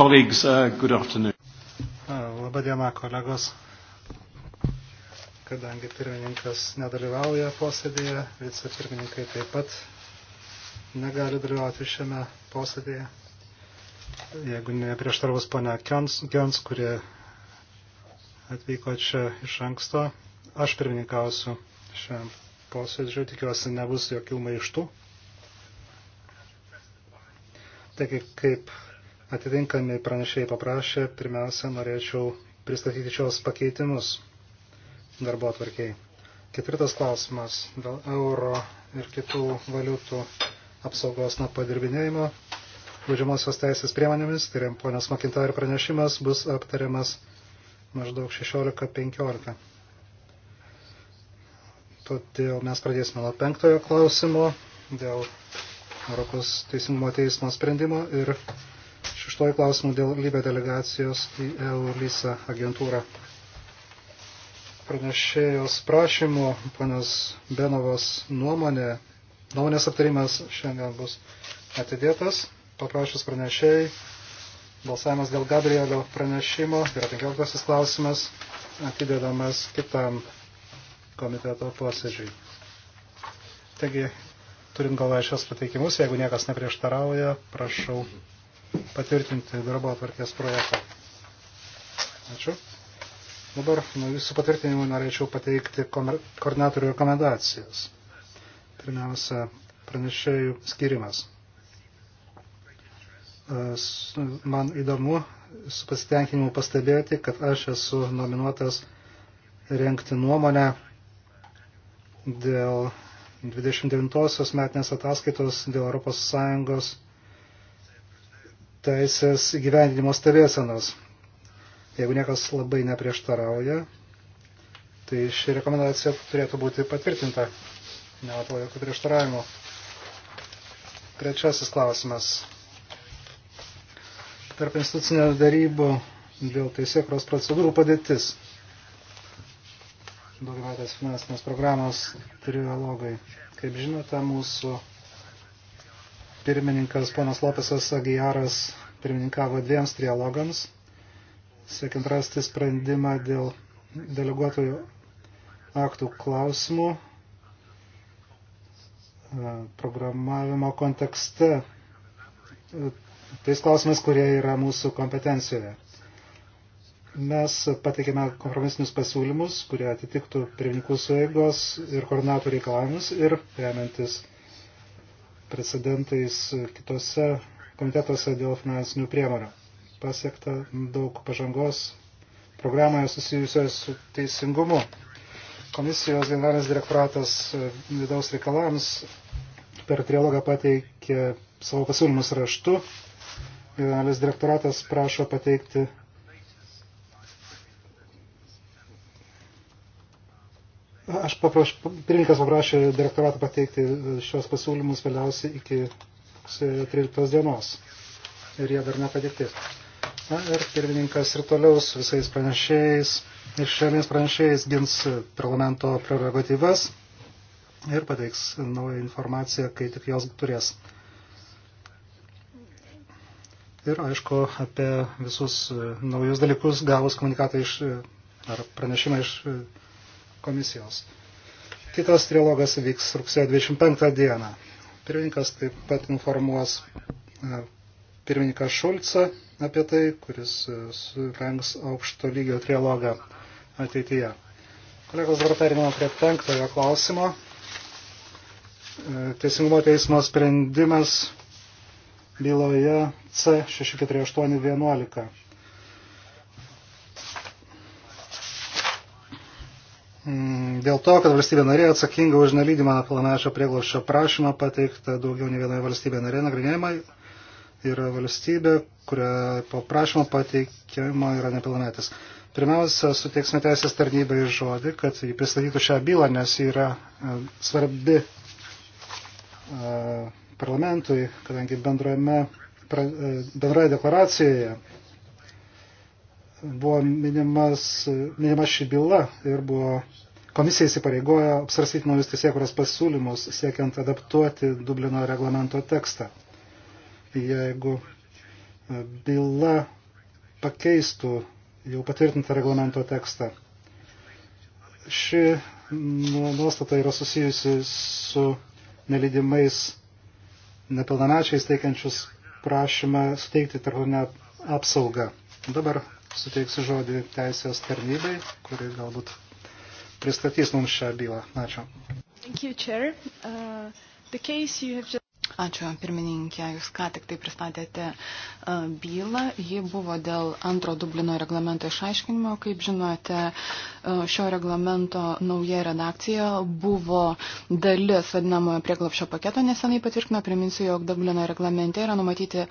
Colleagues, uh, good afternoon. Labadiena, kolegos. Kadangi pirmininkas nedalyvauja posėdėje, vicepirmininkai taip pat negali dalyvauti šiame posėdėje. Jeigu neprieštarvus ponia Kions, kurie atvyko čia iš anksto, aš pirmininkausiu šiam posėdžiu, tikiuosi nebus jokių maištų. Taigi, kaip atitinkami pranešėjai paprašė, pirmiausia, norėčiau pristatyti šios pakeitimus darbo atvarkiai. Ketvirtas klausimas dėl euro ir kitų valiutų apsaugos nuo padirbinėjimo baudžiamosios teisės priemonėmis, tai yra ponios Makintar pranešimas, bus aptariamas maždaug 16.15. Todėl mes pradėsime nuo penktojo klausimo dėl Europos teisingumo teismo sprendimo ir Šeštoji klausimų dėl lybė delegacijos į EULISA agentūrą. Pranešėjos prašymų, ponios Benovos nuomonė, nuomonės aptarimas šiandien bus atidėtas. Paprašus pranešėjai, balsavimas dėl Gabrielio pranešimo, tai yra 15 klausimas, atidėdamas kitam komiteto posėdžiui. Taigi, turint galvoje šios pateikimus, jeigu niekas neprieštarauja, prašau patvirtinti darbo atvarkės projektą. Ačiū. Dabar nuo visų patvirtinimų norėčiau pateikti koordinatorių rekomendacijas. Pirmiausia, pranešėjų skirimas. E, man įdomu su pasitenkinimu pastebėti, kad aš esu nominuotas renkti nuomonę dėl 29-osios metinės ataskaitos dėl ES teisės gyvendinimo stebėsenos. Jeigu niekas labai neprieštarauja, tai ši rekomendacija turėtų būti patvirtinta. Nematau jokių prieštaravimų. Trečiasis klausimas. Tarp institucinio darybų dėl teisėkros procedūrų padėtis. Daugiametės finansinės programos trialogai. Kaip žinote, mūsų pirmininkas ponas Lopesas Agijaras pirmininkavo dviems trialogams, siekiant rasti sprendimą dėl deleguotojų aktų klausimų e, programavimo kontekste, e, tais klausimais, kurie yra mūsų kompetencijoje. Mes pateikėme kompromisinius pasiūlymus, kurie atitiktų pirmininkų sueigos ir koordinatų reikalavimus ir remiantis precedentais kitose komitetuose dėl finansinių priemonių. Pasiekta daug pažangos programoje susijusios su teisingumu. Komisijos generalinis direktoratas e, vidaus reikalams per trilogą pateikė savo pasiūlymus raštu. Generalinis direktoratas prašo pateikti Aš paprašau, pirmininkas paprašė direktoratą pateikti šios pasiūlymus vėliausiai iki 13 dienos. Ir jie dar nepadėkti. Na ir pirmininkas ir toliau su visais pranešėjais ir šiomis pranešėjais gins parlamento prerogatyvas ir pateiks naują informaciją, kai tik jos turės. Ir aišku, apie visus naujus dalykus gavus komunikatą iš ar pranešimą iš komisijos. Kitas trilogas vyks rugsėjo 25 dieną. Pirmininkas taip pat informuos e, pirmininką Šulcą apie tai, kuris e, surengs aukšto lygio trilogą ateityje. Kolegos, dabar periname prie penktojo klausimo. E, Teisingumo teismo sprendimas byloje C64811. Mm, dėl to, kad valstybė narė atsakinga už nelydimą pilnamečio prieglošio prašymą pateikta daugiau nei vienoje valstybė narė nagrinėjimai yra valstybė, kuria po prašymo pateikimo yra nepilnametis. Pirmiausia, suteiksime teisės tarnybai žodį, kad jį pristatytų šią bylą, nes ji yra e, svarbi e, parlamentui, kadangi e, bendroje deklaracijoje buvo minimas, minima ši byla ir buvo komisija įsipareigojo apsarstyti naujus teisėkuros pasiūlymus, siekiant adaptuoti Dublino reglamento tekstą. Jeigu e, byla pakeistų jau patvirtintą reglamento tekstą. Ši nu, nuostata yra susijusi su nelydimais nepilnamečiais teikiančius prašymą suteikti tarptautinę apsaugą. Dabar suteiksiu žodį teisės tarnybai, kuri galbūt pristatys mums šią bylą. Ačiū. Thank you, Chair. Uh, the case you have just... Ačiū, pirmininkė. Jūs ką tik tai pristatėte e, bylą. Ji buvo dėl antro Dublino reglamento išaiškinimo. Kaip žinote, e, šio reglamento nauja redakcija buvo dalis vadinamojo prieglapšio paketo nesenai patvirtino. Priminsiu, jog Dublino reglamente yra numatyti e,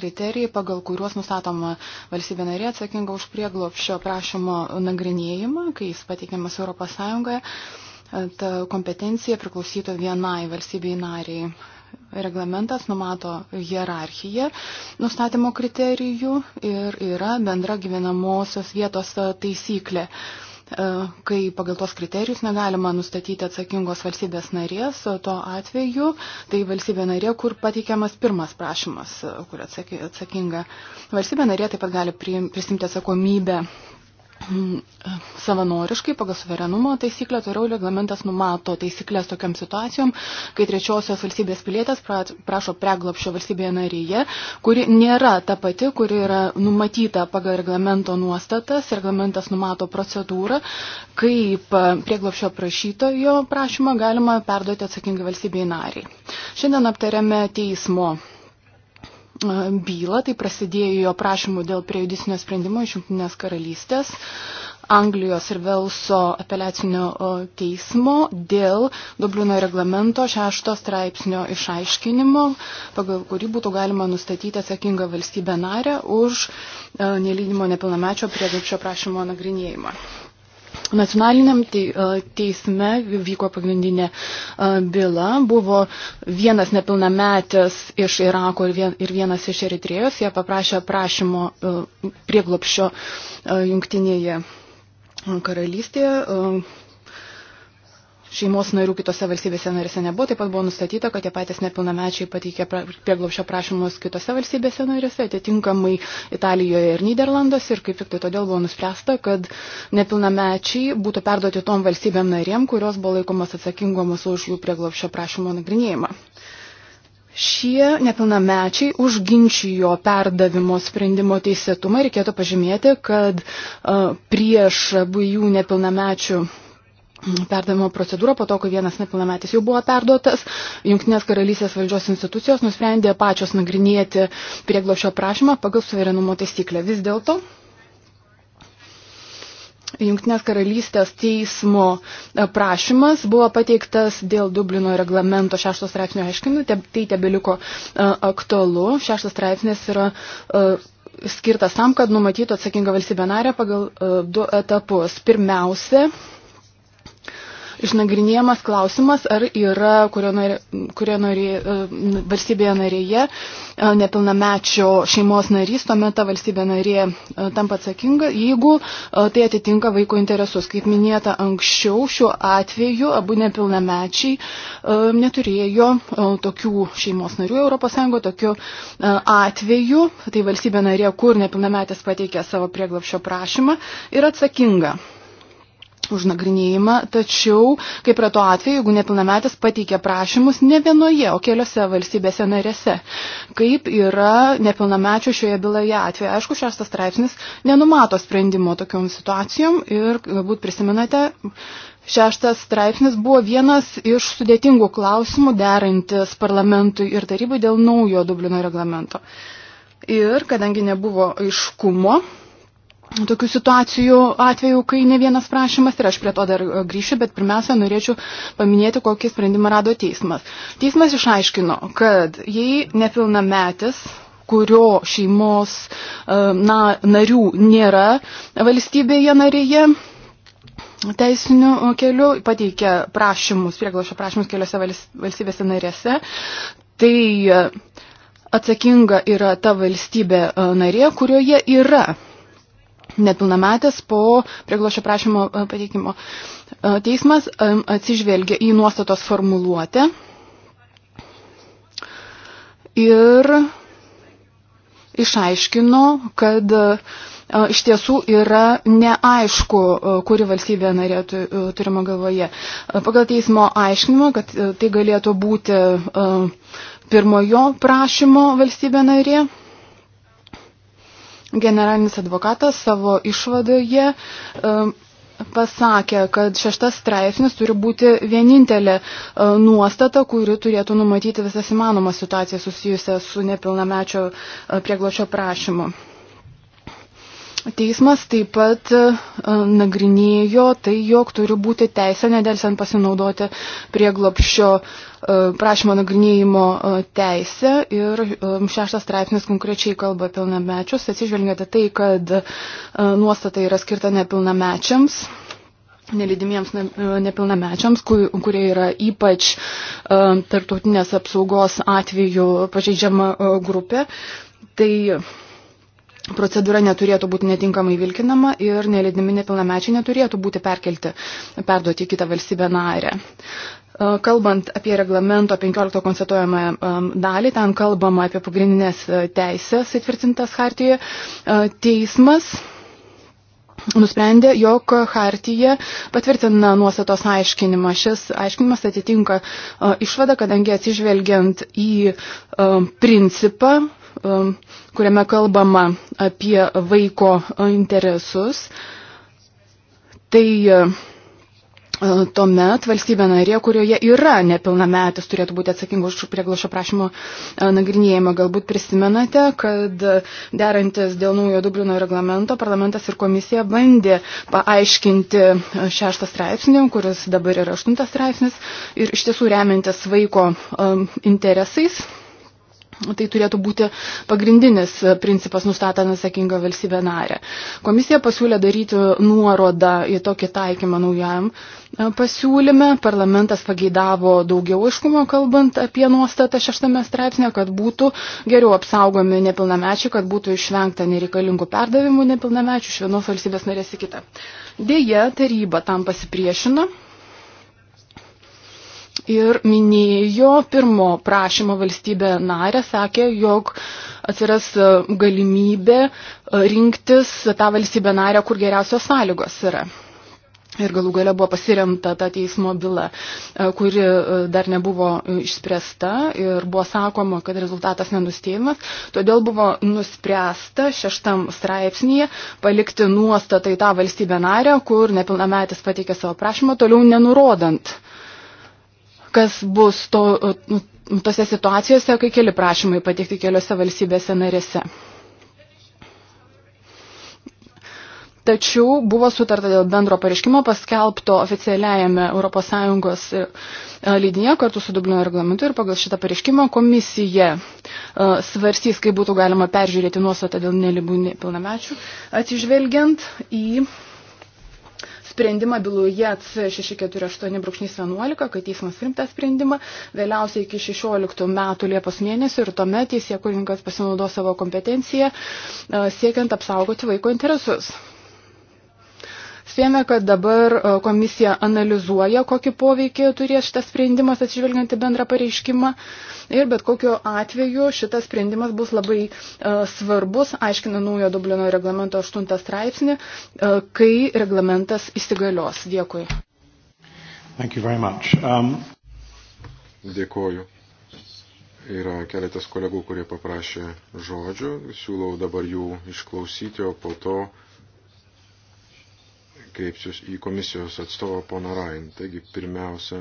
kriterijai, pagal kuriuos nustatoma valstybė narė atsakinga už prieglapšio prašymo nagrinėjimą, kai jis pateikiamas Europos Sąjungoje ta kompetencija priklausytų vienai valstybei nariai reglamentas numato hierarchiją nustatymo kriterijų ir yra bendra gyvenamosios vietos e, taisyklė e, kai pagal tos kriterijus negalima nustatyti atsakingos valstybės narės, e, to atveju tai valstybė narė, kur pateikiamas pirmas prašymas, kur atsakinga valstybė narė taip pat gali prisimti atsakomybę savanoriškai pagal suverenumo taisyklę toliau reglamentas numato taisyklės tokiam situacijom, kai trečiosios valstybės pilietės prašo preglapšio valstybėje narėje, kuri nėra ta pati, kuri yra numatyta pagal reglamento nuostatas. Reglamentas numato procedūrą, kaip prieglapšio prašytojo prašymą galima perduoti atsakingai valstybėje nariai. Šiandien aptariame teismo bylą, tai prasidėjo jo prašymų dėl prejudicinio sprendimo iš Junktinės karalystės. Anglijos ir Velso apeliacinio teismo dėl Dublino reglamento šešto straipsnio išaiškinimo, pagal kurį būtų galima nustatyti atsakingą valstybę narę už e, nelydimo nepilnamečio prieglobčio prašymo nagrinėjimą. Nacionaliniam e, teisme vyko pagrindinė e, byla, buvo vienas nepilnametis iš Irako ir vienas iš Eritrėjos, jie paprašė prašymo e, prieglopščio jungtinėje karalystėje šeimos narių kitose valstybėse narėse nebuvo. Taip pat buvo nustatyta, kad tie patys nepilnamečiai pateikė prieglaušio prašymus kitose valstybėse narėse, atitinkamai Italijoje ir Niderlanduose. Ir kaip tik tai todėl buvo nuspręsta, kad nepilnamečiai būtų perduoti tom valstybėm narėm, kurios buvo laikomas atsakingomus už jų prieglaušio prašymo nagrinėjimą. Šie nepilnamečiai užginčijo perdavimo sprendimo teisėtumą. Reikėtų pažymėti, kad prieš abiejų nepilnamečių perdavimo procedūrą po to, kai vienas nepilnametis jau buvo perduotas. Junktinės karalystės valdžios institucijos nusprendė pačios nagrinėti prieglošio prašymą pagal suverenumo taisyklę. Vis dėlto Junktinės karalystės teismo prašymas buvo pateiktas dėl Dublino reglamento šeštos straipsnio aiškinimų, tai tebeliko e, aktualu. Šeštas straipsnis yra e, skirtas tam, kad numatytų atsakingą valstybę narę pagal e, du etapus. Pirmiausia, išnagrinėjamas klausimas, ar yra kurioje kurio norė, e, valstybėje narėje e, nepilnamečio šeimos narys, tuomet ta valstybė narė e, tampa atsakinga, jeigu tai atitinka vaiko interesus. Kaip minėta anksčiau, šiuo atveju abu nepilnamečiai neturėjo tokių šeimos narių ES, tokiu atveju, tai valstybė narė, kur nepilnametis pateikė savo prieglapšio prašymą, yra atsakinga užnagrinėjimą, tačiau, kaip yra to atveju, jeigu nepilnametis pateikia prašymus ne vienoje, o keliose valstybėse narėse. Kaip yra nepilnamečio šioje byloje atveju? Aišku, šeštas straipsnis nenumato sprendimo tokiom situacijom ir galbūt prisimenate. Šeštas straipsnis buvo vienas iš sudėtingų klausimų derantis parlamentui ir tarybai dėl naujo Dublino reglamento. Ir kadangi nebuvo aiškumo, tokių situacijų atveju, kai ne vienas prašymas ir aš prie to dar e, grįšiu, bet pirmiausia norėčiau paminėti, kokį sprendimą rado teismas. Teismas išaiškino, kad jei nepilnametis kurio šeimos e, na, narių nėra valstybėje narėje, teisiniu e, keliu, pateikia prašymus, prieglašio prašymus keliose valstybėse narėse, tai atsakinga yra ta valstybė narė, kurioje yra nepilnametės po prieglošio prašymo e, pateikimo. E, teismas e, atsižvelgia į nuostatos formuluotę ir išaiškino, kad iš tiesų yra neaišku, kuri valstybė narė turima galvoje. Pagal teismo aiškinimą, kad tai galėtų būti pirmojo prašymo valstybė narė Generalinis advokatas savo išvadoje e, pasakė, kad šeštas straipsnis turi būti vienintelė e, nuostata, kuri turėtų numatyti visas įmanomas situacijas susijusias su nepilnamečio e, priegločio prašymu. Teismas taip pat nagrinėjo tai, jog turi būti teisė nedelsiant pasinaudoti prieglopščio E, prašymo nagrinėjimo e, teisę ir e, šeštas straipsnis konkrečiai kalba pilnamečius, atsižvelgiate tai, kad nuostata yra skirta nepilnamečiams nelydimiems nepilnamečiams, kurie yra ypač tarptautinės apsaugos atveju pažeidžiama grupė. Tai procedūra neturėtų būti netinkamai vilkinama ir nelydimi nepilnamečiai neturėtų būti perkelti, perduoti į kitą valstybę narę. E, kalbant apie reglamento 15 konstatuojamą e, dalį, ten kalbama apie pagrindinės e, teisės įtvirtintas hartijoje, teismas nusprendė, jog Hartija patvirtina nuostatos aiškinimą. Šis aiškinimas atitinka išvadą, kadangi atsižvelgiant į principą, kuriame kalbama apie vaiko interesus, tai E, tuomet valstybė narė, kurioje yra nepilnametis, turėtų būti atsakinga už prieglašo prašymo e, nagrinėjimą. Galbūt prisimenate, kad derantis dėl naujo Dublino reglamento parlamentas ir komisija bandė paaiškinti e, šeštą straipsnį, kuris dabar yra aštuntas straipsnis, ir iš tiesų remiantis vaiko interesais Tai turėtų būti pagrindinis principas nustatant atsakingą valstybę narę. Komisija pasiūlė daryti nuorodą į tokį taikymą naujam e, pasiūlyme. Parlamentas pageidavo daugiau aiškumo, kalbant apie nuostatą šeštame straipsnė, kad būtų geriau apsaugomi nepilnamečiai, kad būtų išvengta nereikalingų perdavimų nepilnamečių iš vienos valstybės narės į kitą. Deja, taryba tam pasipriešino ir minėjo pirmo prašymo valstybę narę, sakė, jog atsiras e, galimybė e, rinktis tą valstybę narę, kur geriausios sąlygos yra. Ir galų gale buvo pasiremta ta teismo byla, e, kuri dar nebuvo išspręsta ir buvo sakoma, kad rezultatas nenustėjimas. Todėl buvo nuspręsta šeštam straipsnėje palikti nuostatą į tą valstybę narę, kur nepilnametis pateikė savo prašymą, toliau nenurodant uh, kas bus to, tose situacijose, kai keli prašymai pateikti keliose valstybėse narėse. Tačiau buvo sutarta dėl bendro pareiškimo paskelbto oficialiajame ES e, e, lydinėje kartu su Dublino reglamentu ir pagal šitą pareiškimą komisija e, svarstys, kaip būtų galima peržiūrėti nuostatą dėl nelibų nepilnamečių, atsižvelgiant į sprendimą byloje C648-11, kad teismas rimtą sprendimą vėliausiai iki 16 metų Liepos mėnesio ir tuomet teisėkurininkas pasinaudos savo kompetenciją e, siekiant apsaugoti vaiko interesus. Spėjame, kad dabar e, komisija analizuoja, kokį poveikį turės šitas sprendimas atsižvelgiant į bendrą pareiškimą. Ir bet kokiu atveju šitas sprendimas bus labai uh, svarbus, aiškina naujo Dublino reglamento 8 straipsnį, uh, kai reglamentas įsigalios. Dėkui. Um... Dėkoju. Yra keletas kolegų, kurie paprašė žodžio. Siūlau dabar jų išklausyti, o po to kreipsiuos į komisijos atstovą poną Rain. Taigi pirmiausia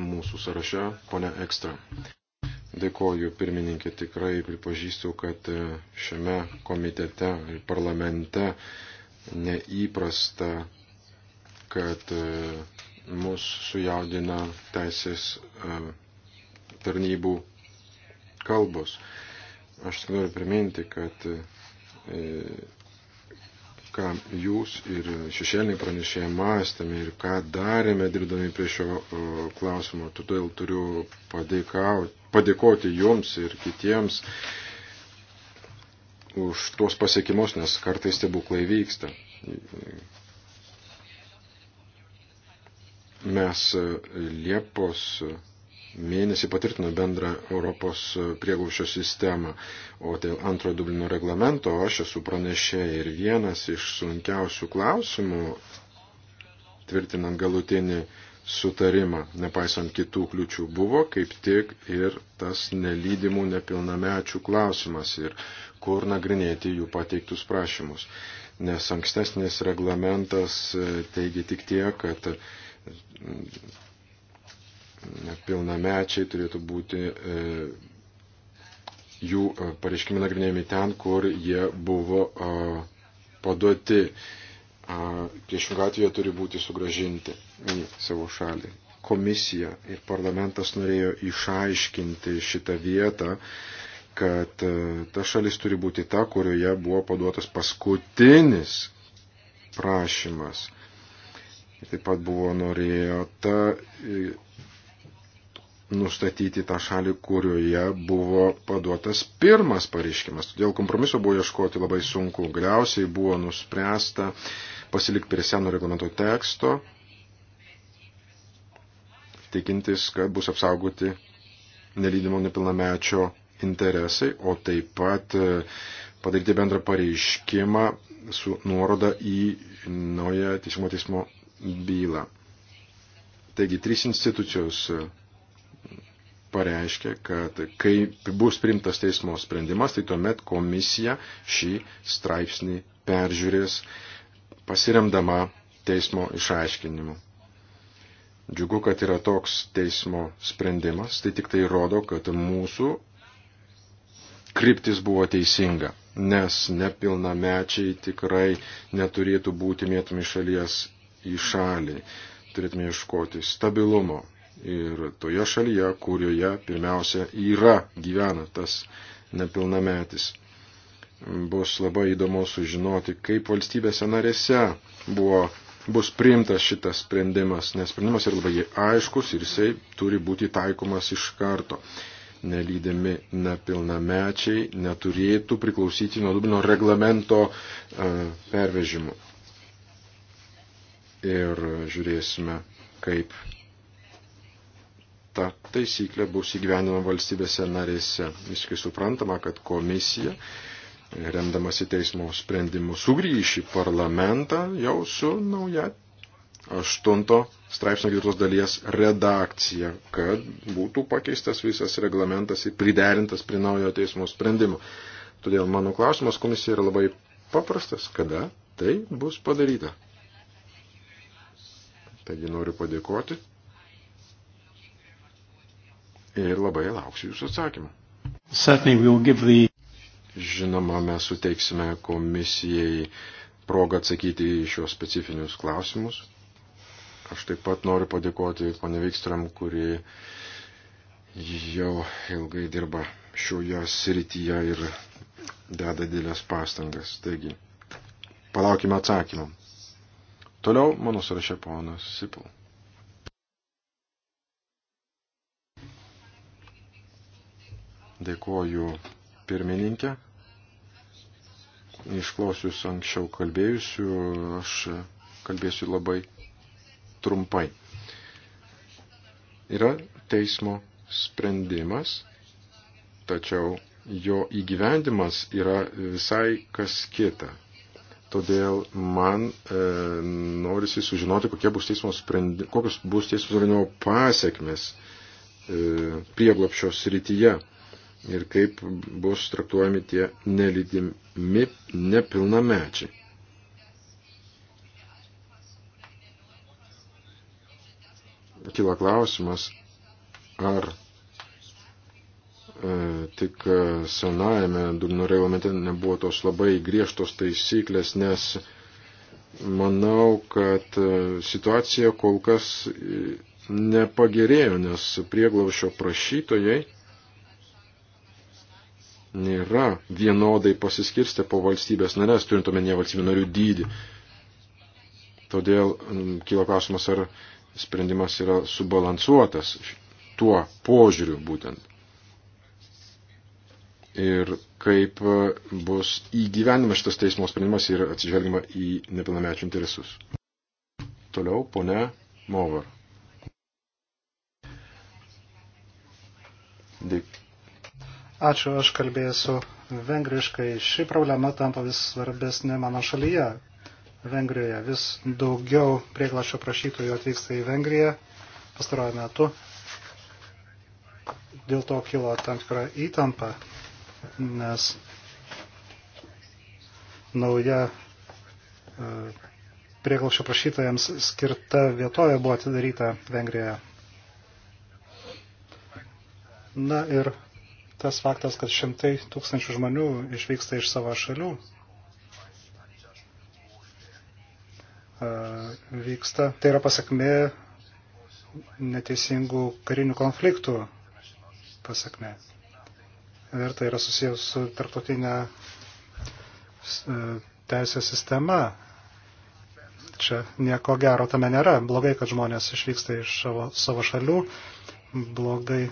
mūsų sąraše ponia Ekstra. Dėkoju pirmininkė, tikrai pripažįstu, kad e, šiame komitete ir parlamente neįprasta, kad e, mus sujaudina teisės e, tarnybų kalbos. Aš tik noriu priminti, kad ką jūs ir šešėliniai pranešėjai mąstėme ir ką darėme dirbdami prie šio klausimo. Todėl turiu padėkoti jums ir kitiems už tuos pasiekimus, nes kartais stebuklai vyksta. Mes e, Liepos mėnesį patvirtino bendrą Europos prieglaušio sistemą, o dėl antro Dublino reglamento aš esu pranešė ir vienas iš sunkiausių klausimų, tvirtinant galutinį sutarimą, nepaisant kitų kliučių, buvo kaip tik ir tas nelydimų nepilnamečių klausimas ir kur nagrinėti jų pateiktus prašymus. Nes ankstesnis reglamentas e, teigia tik tie, kad pilnamečiai turėtų būti e, jų e, pareiškimai nagrinėjami ten, kur jie buvo e, paduoti. Priešingą atveju jie turi būti sugražinti į savo šalį. Komisija ir parlamentas norėjo išaiškinti šitą vietą, kad ta šalis turi būti ta, kurioje buvo paduotas paskutinis prašymas. Ir taip pat buvo norėjo ta nustatyti tą šalį, kurioje buvo paduotas pirmas pareiškimas. Todėl kompromiso buvo ieškoti labai sunku. Galiausiai buvo nuspręsta pasilikti prie seno reglamento teksto, tikintis, kad bus apsaugoti nelydimo nepilnamečio interesai, o taip pat e, padaryti bendrą pareiškimą su nuoroda į naują teismo teismo bylą. Taigi, trys institucijos pareiškė, kad kai bus primtas teismo sprendimas, tai tuomet komisija šį straipsnį peržiūrės pasiremdama teismo išaiškinimu. Džiugu, kad yra toks teismo sprendimas, tai tik tai rodo, kad mūsų kryptis buvo teisinga, nes nepilnamečiai tikrai neturėtų būti mėtomi šalies į šalį. Turėtume ieškoti stabilumo, ir toje šalyje, kurioje pirmiausia yra gyvena tas nepilnametis. Bus labai įdomu sužinoti, kaip valstybėse narėse buvo, bus priimtas šitas sprendimas, nes sprendimas yra labai aiškus ir jisai turi būti taikomas iš karto. Nelydami nepilnamečiai neturėtų priklausyti nuo Dublino reglamento uh, e, pervežimų. Ir žiūrėsime, kaip ta taisyklė bus įgyvenima valstybėse narėse. Visiškai suprantama, kad komisija, remdamasi teismo sprendimu, sugrįš į parlamentą jau su nauja 8 straipsnio 4 dalies redakcija, kad būtų pakeistas visas reglamentas ir priderintas prie naujo teismo sprendimo. Todėl mano klausimas komisija yra labai paprastas, kada tai bus padaryta. Taigi noriu padėkoti ir labai lauksiu jūsų atsakymą. Žinoma, mes suteiksime komisijai progą atsakyti į šios specifinius klausimus. Aš taip pat noriu padėkoti ponė Vikstram, kuri jau ilgai dirba šioje srityje ir deda didelės pastangas. Taigi, palaukime atsakymą. Toliau mano sąraše ponas Sipul. Dėkuoju pirmininkė. Išklausius anksčiau kalbėjusių, aš kalbėsiu labai trumpai. Yra teismo sprendimas, tačiau jo įgyvendimas yra visai kas kita. Todėl man e, norisi sužinoti, kokie bus teismo sprendi, kokios bus teismo sprendimo pasiekmes e, prieglopščio srityje. E, ir kaip bus traktuojami tie nelydimi nepilnamečiai. Kila klausimas, ar e, tik senajame dugno reglamente nebuvo tos labai griežtos taisyklės, nes manau, kad e, situacija kol kas e, nepagerėjo, nes prieglaušio prašytojai nėra vienodai pasiskirstę po valstybės narės, turint omenyje valstybių narių dydį. Todėl mm, kilo klausimas, ar sprendimas yra subalansuotas tuo požiūriu būtent. Ir kaip e, bus įgyvenimas šitas teismo sprendimas ir atsižvelgima į nepilnamečių interesus. Toliau, ponia Movar. Dėkui. Ačiū, aš kalbėsiu vengriškai. Ši problema tampa vis svarbesnė mano šalyje. Vengrijoje vis daugiau prieglašio prašytojų atvyksta į Vengriją pastaruoju metu. Dėl to kilo tam tikra įtampa, nes nauja e, prieglaušio prašytojams skirta vietoje buvo atidaryta Vengrijoje. Na ir tas faktas, kad šimtai tūkstančių žmonių išvyksta iš savo šalių, vyksta, tai yra pasakmė neteisingų karinių konfliktų pasakmė. Ir tai yra susijęs su tarptautinė teisės sistema. Čia nieko gero tame nėra. Blogai, kad žmonės išvyksta iš savo, savo šalių. Blogai,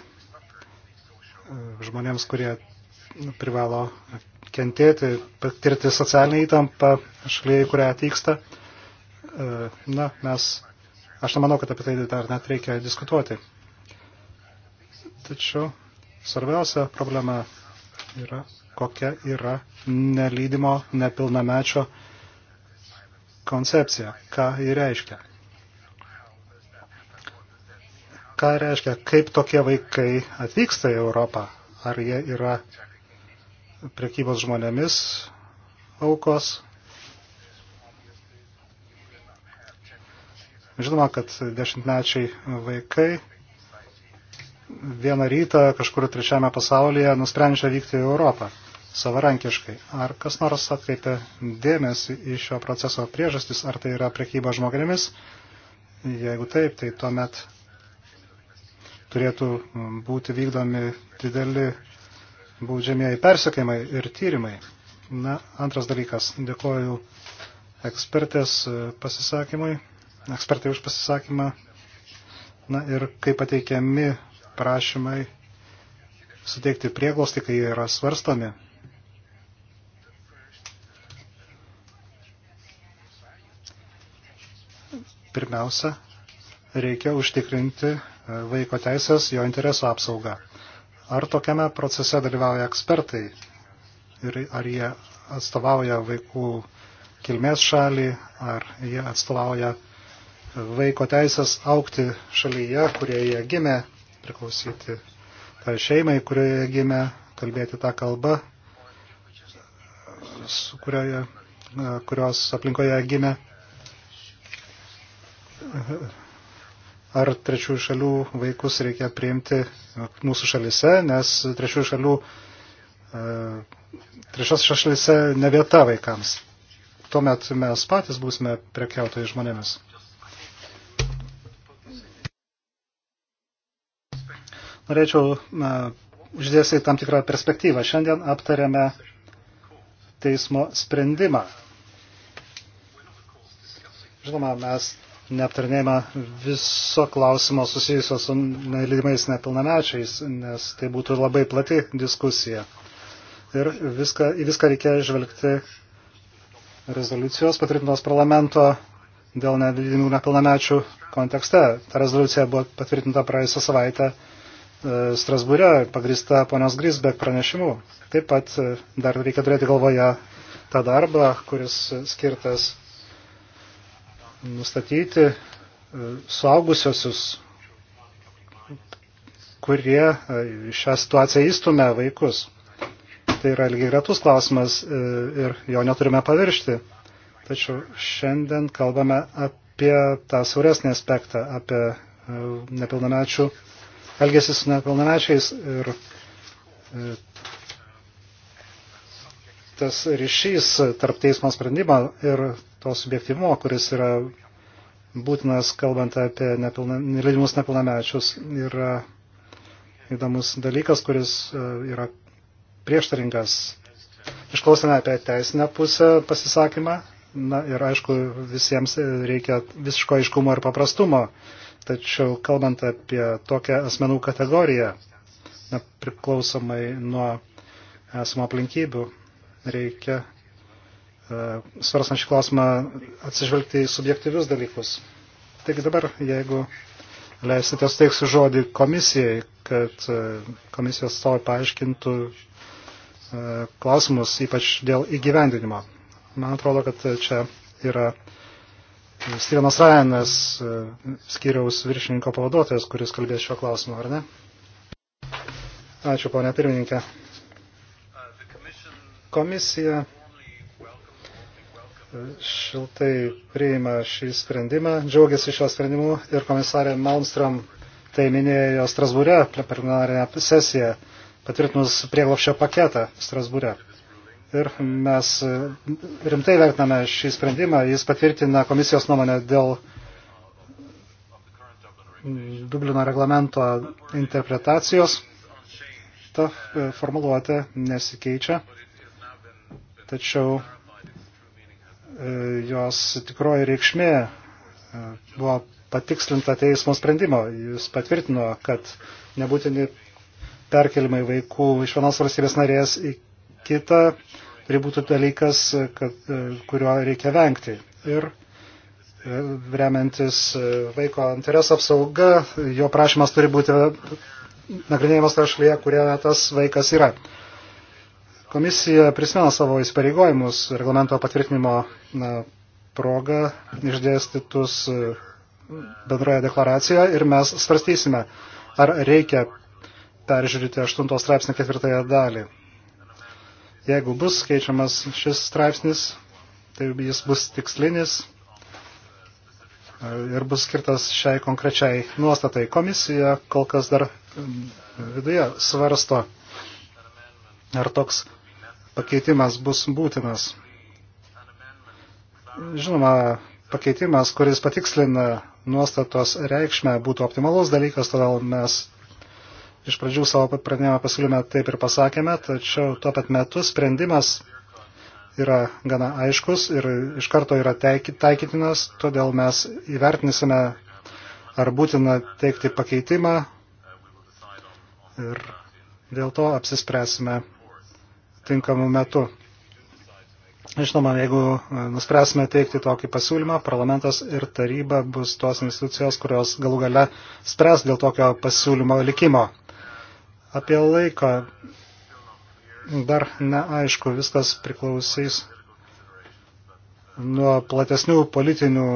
žmonėms, kurie nu, privalo kentėti, patirti socialinį įtampą šalyje, į kurią atvyksta. E, na, mes, aš nemanau, kad apie tai dar net reikia diskutuoti. Tačiau svarbiausia problema yra, kokia yra nelydimo nepilnamečio koncepcija, ką jį reiškia. ką reiškia, kaip tokie vaikai atvyksta į Europą. Ar jie yra prekybos žmonėmis aukos? Žinoma, kad dešimtmečiai vaikai vieną rytą kažkur trečiame pasaulyje nusprendžia vykti į Europą savarankiškai. Ar kas nors atkreipia dėmesį į šio proceso priežastis, ar tai yra prekyba žmonėmis? Jeigu taip, tai tuomet turėtų mm, būti vykdomi dideli baudžiamieji persekėjimai ir tyrimai. Na, antras dalykas, dėkoju ekspertės e, pasisakymui, ekspertai už pasisakymą. Na ir kaip pateikiami prašymai suteikti prieglostį, kai jie yra svarstami. Pirmiausia, reikia užtikrinti vaiko teisės, jo interesų apsaugą. Ar tokiame procese dalyvauja ekspertai ir ar jie atstovauja vaikų kilmės šalį, ar jie atstovauja vaiko teisės aukti šalyje, kurioje jie gimė, priklausyti tai šeimai, kurioje jie gimė, kalbėti tą kalbą, kurioje, kurios aplinkoje gimė ar trečiųjų šalių vaikus reikia priimti mūsų šalise, nes trečiųjų šalių, e, trečios šalise ne vieta vaikams. Tuomet mes patys būsime prekiautojai žmonėmis. Norėčiau uždėsiai tam tikrą perspektyvą. Šiandien aptariame teismo sprendimą. Žinoma, mes neaptarnėjame viso klausimo susijusio su nelydimais nepilnamečiais, nes tai būtų labai plati diskusija. Ir viską, į viską reikia žvelgti rezoliucijos patvirtintos parlamento dėl nelydimų nepilnamečių kontekste. Ta rezoliucija buvo patvirtinta praėjusią savaitę e, Strasbūre, pagrįsta ponios Grisbek pranešimu. Taip pat e, dar reikia turėti galvoje tą darbą, kuris skirtas nustatyti e, suaugusiosius, kurie e, šią situaciją įstumia vaikus. Tai yra lygigratus klausimas e, ir jo neturime paviršti. Tačiau šiandien kalbame apie tą sauresnį aspektą, apie nepilnamečių, elgesį su nepilnamečiais ir tas ryšys tarp teismo sprendimo ir to subjektivumo, kuris yra būtinas, kalbant apie nepilna, neleidimus nepilnamečius, yra įdomus dalykas, kuris e, yra prieštaringas. Išklausėme apie teisinę pusę pasisakymą. Na ir aišku, visiems reikia visiško aiškumo ir paprastumo. Tačiau kalbant apie tokią asmenų kategoriją, nepriklausomai nuo esamo aplinkybių, reikia, e, svarstant šį klausimą, atsižvelgti į subjektyvius dalykus. Taigi dabar, jeigu leisite, suteiksiu žodį komisijai, kad e, komisijos atstovai paaiškintų e, klausimus, ypač dėl įgyvendinimo. Man atrodo, kad čia yra Stevenas Ryanas, skyriaus viršininko pavaduotojas, kuris kalbės šio klausimo, ar ne? Ačiū, ponė pirmininkė. Komisija e, šiltai priima šį sprendimą, džiaugiasi šio sprendimu ir komisarė Malmstrom tai minėjo Strasbūre per plenarinę sesiją, patvirtinus prieglopščio paketą Strasbūre. Ir mes e, rimtai vertiname šį sprendimą, jis patvirtina komisijos nuomonę dėl Dublino reglamento interpretacijos. Ta e, formuluotė nesikeičia tačiau e, jos tikroji reikšmė e, buvo patikslinta teismo sprendimo. Jis patvirtino, kad nebūtini perkelimai vaikų iš vienos valstybės narės į kitą turi būti dalykas, kad, e, kurio reikia vengti. Ir remiantis vaiko interesų apsauga, jo prašymas turi būti nagrinėjimas toje šalyje, kurioje tas vaikas yra. Komisija prisimena savo įsipareigojimus reglamento patvirtinimo progą išdėstytus e, bendroje deklaracijoje ir mes svarstysime, ar reikia peržiūrėti 8 straipsnį ketvirtąją dalį. Jeigu bus keičiamas šis straipsnis, tai jis bus tikslinis e, ir bus skirtas šiai konkrečiai nuostatai. Komisija kol kas dar viduje svarsto, ar toks pakeitimas bus būtinas. Žinoma, pakeitimas, kuris patikslina nuostatos reikšmę, būtų optimalus dalykas, todėl mes iš pradžių savo pradėjimą pasiūlymę taip ir pasakėme, tačiau tuo pat metu sprendimas yra gana aiškus ir iš karto yra taikytinas, todėl mes įvertinsime, ar būtina teikti pakeitimą ir dėl to apsispręsime tinkamu metu. Žinoma, jeigu e, nuspręsime teikti tokį pasiūlymą, parlamentas ir taryba bus tos institucijos, kurios galų gale spręs dėl tokio pasiūlymo likimo. Apie laiką dar neaišku, viskas priklausys nuo platesnių politinių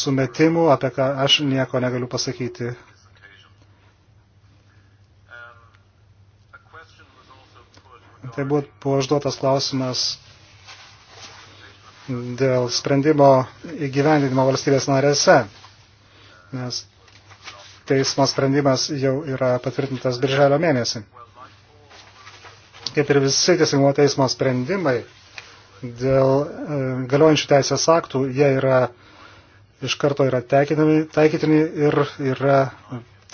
sumetimų, apie ką aš nieko negaliu pasakyti Tai buvo užduotas klausimas dėl sprendimo įgyvendinimo valstybės narėse, nes teismo sprendimas jau yra patvirtintas birželio mėnesį. Kaip ir visi teisingumo teismo sprendimai dėl e, galiojančių teisės aktų, jie yra iš karto yra taikytini ir yra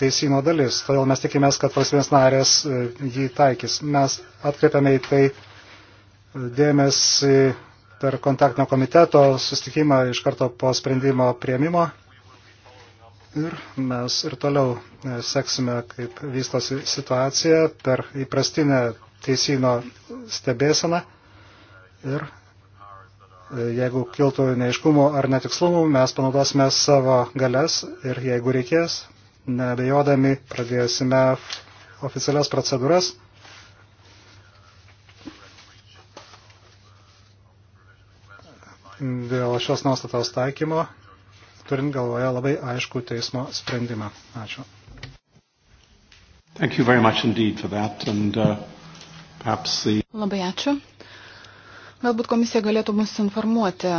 teisino dalis. Todėl mes tikimės, kad valstybės narės e, jį taikys. Mes atkreipiame į tai e, dėmesį per kontaktinio komiteto sustikimą iš karto po sprendimo prieimimo. Ir mes ir toliau e, seksime, kaip vystosi situacija per įprastinę teisino stebėseną. Ir jeigu kiltų neiškumų ar netikslumų, mes panaudosime savo galias ir jeigu reikės, nebejodami pradėsime oficialias procedūras. Dėl šios nuostatos taikymo, turint galvoje labai aišku teismo sprendimą. Ačiū. Thank you very much indeed for that and uh, perhaps the... Labai ačiū. Galbūt komisija galėtų mus informuoti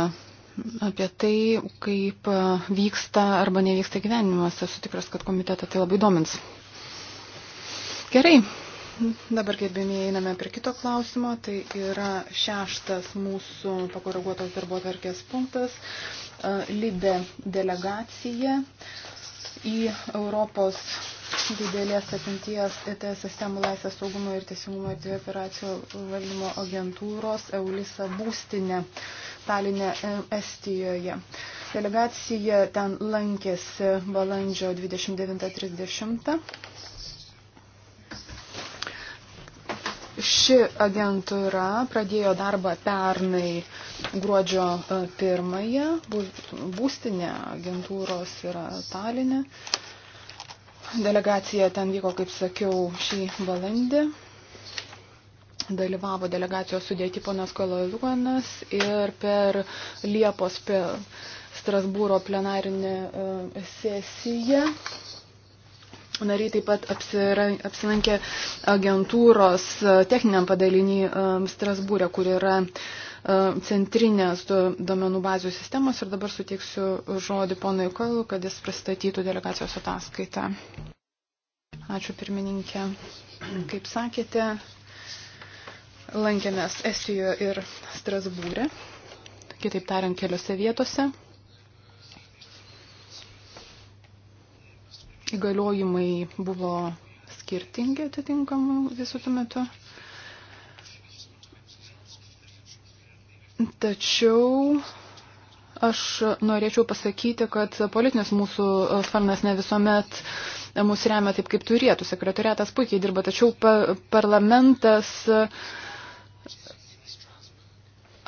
apie tai, kaip e, vyksta arba nevyksta gyvenimas. Esu tikras, kad komitetą tai labai domins. Gerai. Dabar, gerbėmiai, einame prie kito klausimo. Tai yra šeštas mūsų pakoreguotos darbo tvarkės punktas. E, Libe delegacija į Europos didelės apimties ETS sistemų laisvės saugumo ir teisingumo ir operacijų valdymo agentūros Eulisa būstinė Talinė e, Estijoje. Delegacija ten lankėsi balandžio 29-30. Ši agentūra pradėjo darbą pernai Gruodžio e, pirmąją būstinė agentūros yra Talinė. Delegacija ten vyko, kaip sakiau, šį valandį. Dalyvavo delegacijos sudėti ponas Kolaluganas ir per Liepos per Strasbūro plenarinę e, sesiją Nariai taip pat apsilankė agentūros e, techniniam padaliny e, Strasbūrė, kur yra e, centrinės domenų bazių sistemos ir dabar suteiksiu žodį ponui Kalu, kad jis pristatytų delegacijos ataskaitą. Ačiū pirmininkė. Kaip sakėte, lankėmės Estijoje ir Strasbūrė, kitaip tariant, keliose vietose. įgaliojimai buvo skirtingi atitinkamų visų tuo metu. Tačiau aš norėčiau pasakyti, kad politinis mūsų sparnas ne visuomet mūsų remia taip, kaip turėtų. Sekretoriatas puikiai dirba, tačiau pa parlamentas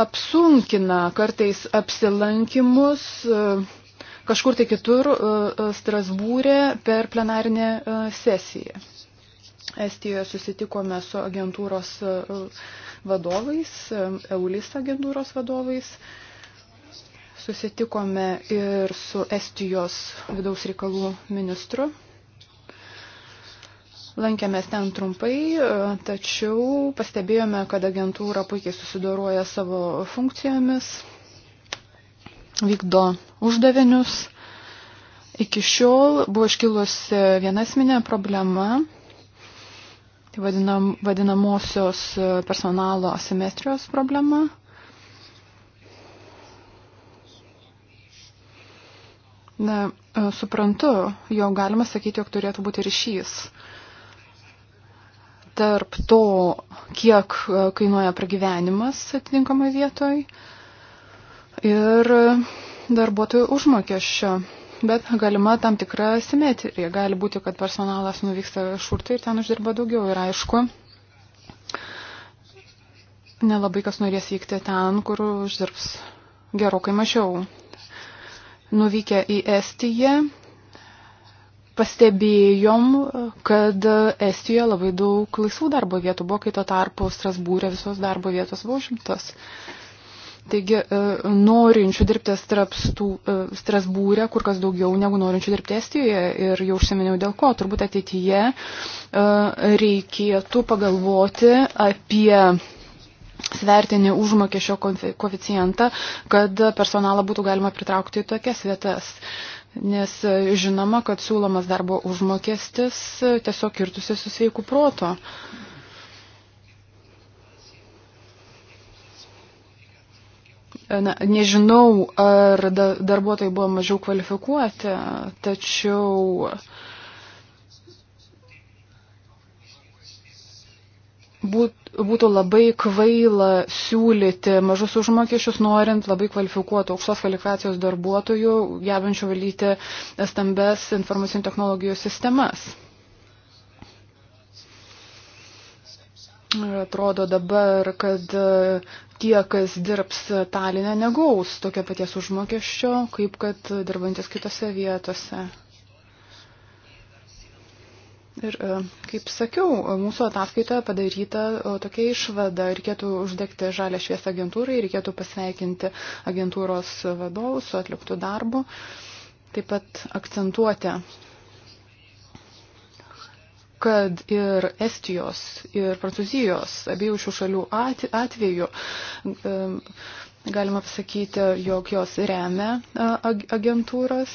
apsunkina kartais apsilankimus kažkur tai kitur e, e, Strasbūrė per plenarinę e, sesiją. Estijoje susitikome su agentūros vadovais, EULIS agentūros vadovais. Susitikome ir su Estijos vidaus reikalų ministru. Lankėmės ten trumpai, tačiau pastebėjome, kad agentūra puikiai susidoroja savo funkcijomis vykdo uždavinius. Iki šiol buvo iškilusi viena asmenė problema, tai vadinam, vadinamosios e, personalo asimetrijos problema. Na, e, suprantu, jau galima sakyti, jog turėtų būti ryšys tarp to, kiek e, kainuoja pragyvenimas atitinkamai vietoj ir darbuotojų užmokesčio. Bet galima tam tikra simetrija. Gali būti, kad personalas nuvyksta kažkur tai ir ten uždirba daugiau. Ir aišku, nelabai kas norės vykti ten, kur uždirbs gerokai mažiau. Nuvykę į Estiją, pastebėjom, kad Estijoje labai daug laisvų darbo vietų buvo, kai tuo tarpu Strasbūrė visos darbo vietos buvo užimtos. Taigi e, norinčių dirbti e, Strasbūrė kur kas daugiau negu norinčių dirbti Estijoje ir jau užsiminiau dėl ko. Turbūt ateityje e, reikėtų pagalvoti apie svertinį užmokesčio koficijantą, kad personalą būtų galima pritraukti į tokias vietas. Nes žinoma, kad siūlomas darbo užmokestis tiesiog kirtusi su sveiku proto. Uh, Na, nežinau, ar da, darbuotojai buvo mažiau kvalifikuoti, tačiau būt, būtų labai kvaila siūlyti mažus užmokesčius, norint labai kvalifikuotų aukštos kvalifikacijos darbuotojų, gebančių valyti stambes informacinių technologijų sistemas. Atrodo dabar, kad e, tie, kas dirbs Talinę, negaus tokio paties užmokesčio, kaip kad dirbantis kitose vietose. Ir e, kaip sakiau, mūsų ataskaitoje padaryta e, tokia išvada, reikėtų uždegti žalę šviesą agentūrai, reikėtų pasveikinti agentūros vadovus su atliktų darbu, taip pat akcentuoti kad ir Estijos, ir Prancūzijos, abiejų šių šalių atveju galima pasakyti, jog jos remia agentūras,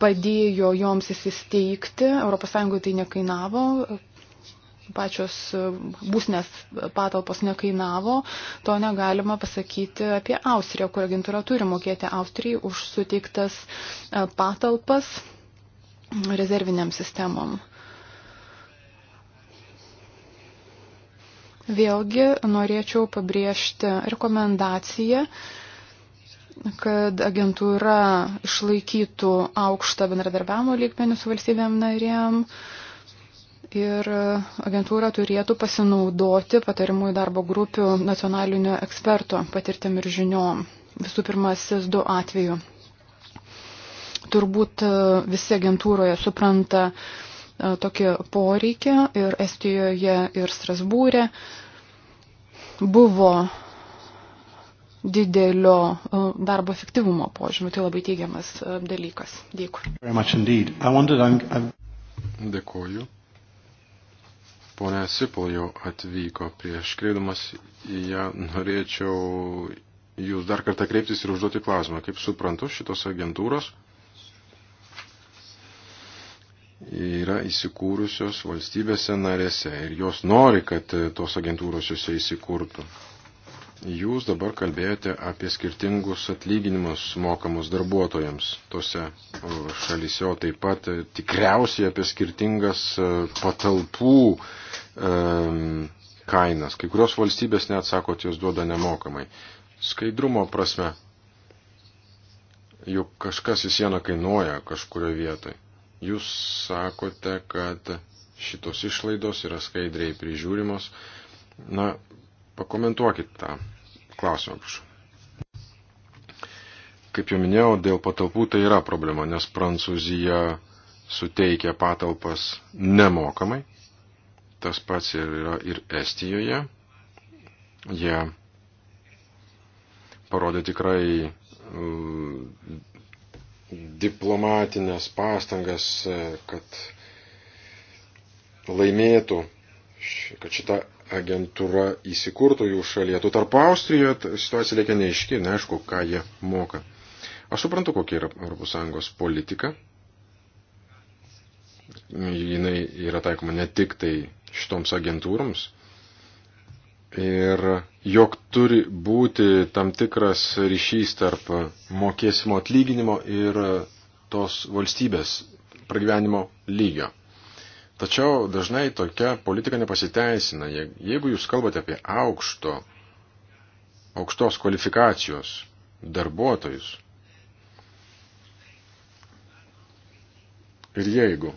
padėjo joms įsisteigti, ES tai nekainavo, pačios e, būsnės patalpos nekainavo, to negalima pasakyti apie Austriją, kur agentūra turi mokėti Austrijai už suteiktas e, patalpas rezerviniam sistemom. Vėlgi norėčiau pabrėžti rekomendaciją, kad agentūra išlaikytų aukštą bendradarbiavimo lygmenį su valstybėm narėm ir agentūra turėtų pasinaudoti patarimų į darbo grupių nacionalinio eksperto patirtim ir žiniom. Visų pirma, SIS2 atveju. Turbūt visi agentūroje supranta, E, tokį poreikį ir Estijoje, ir Strasbūrė buvo didelio e, darbo efektyvumo požymį. Tai labai teigiamas e, dalykas. Dėkui. Dėkuoju. Pone Sipol jau atvyko. Prieš kreidamas į ją norėčiau jūs dar kartą kreiptis ir užduoti klausimą. Kaip suprantu, šitos agentūros yra įsikūrusios valstybėse narėse ir jos nori, kad tos agentūros jose įsikurtų. Jūs dabar kalbėjote apie skirtingus atlyginimus mokamus darbuotojams tose šalyse, o taip pat e, tikriausiai apie skirtingas e, patalpų um, kainas. Kai kurios valstybės neatsakot, jos duoda nemokamai. Skaidrumo prasme, juk kažkas į sieną kainuoja kažkurioje vietoje. Jūs sakote, kad šitos išlaidos yra skaidriai prižiūrimos. Na, pakomentuokit tą klausimą, prašau. Kaip jau minėjau, dėl patalpų tai yra problema, nes Prancūzija suteikia patalpas nemokamai. Tas pats ir yra ir Estijoje. Jie parodė tikrai diplomatinės pastangas, e, kad laimėtų, kad šita agentūra įsikurtų jų šalyje. Tuo tarpu Austrijoje situacija lieka neiški, neaišku, ką jie moka. Aš suprantu, kokia yra ES politika. Jinai yra taikoma ne tik tai šitoms agentūroms, ir jog turi būti tam tikras ryšys tarp mokėsimo atlyginimo ir tos valstybės pragyvenimo lygio. Tačiau dažnai tokia politika nepasiteisina. Jeigu jūs kalbate apie aukšto, aukštos kvalifikacijos darbuotojus, ir jeigu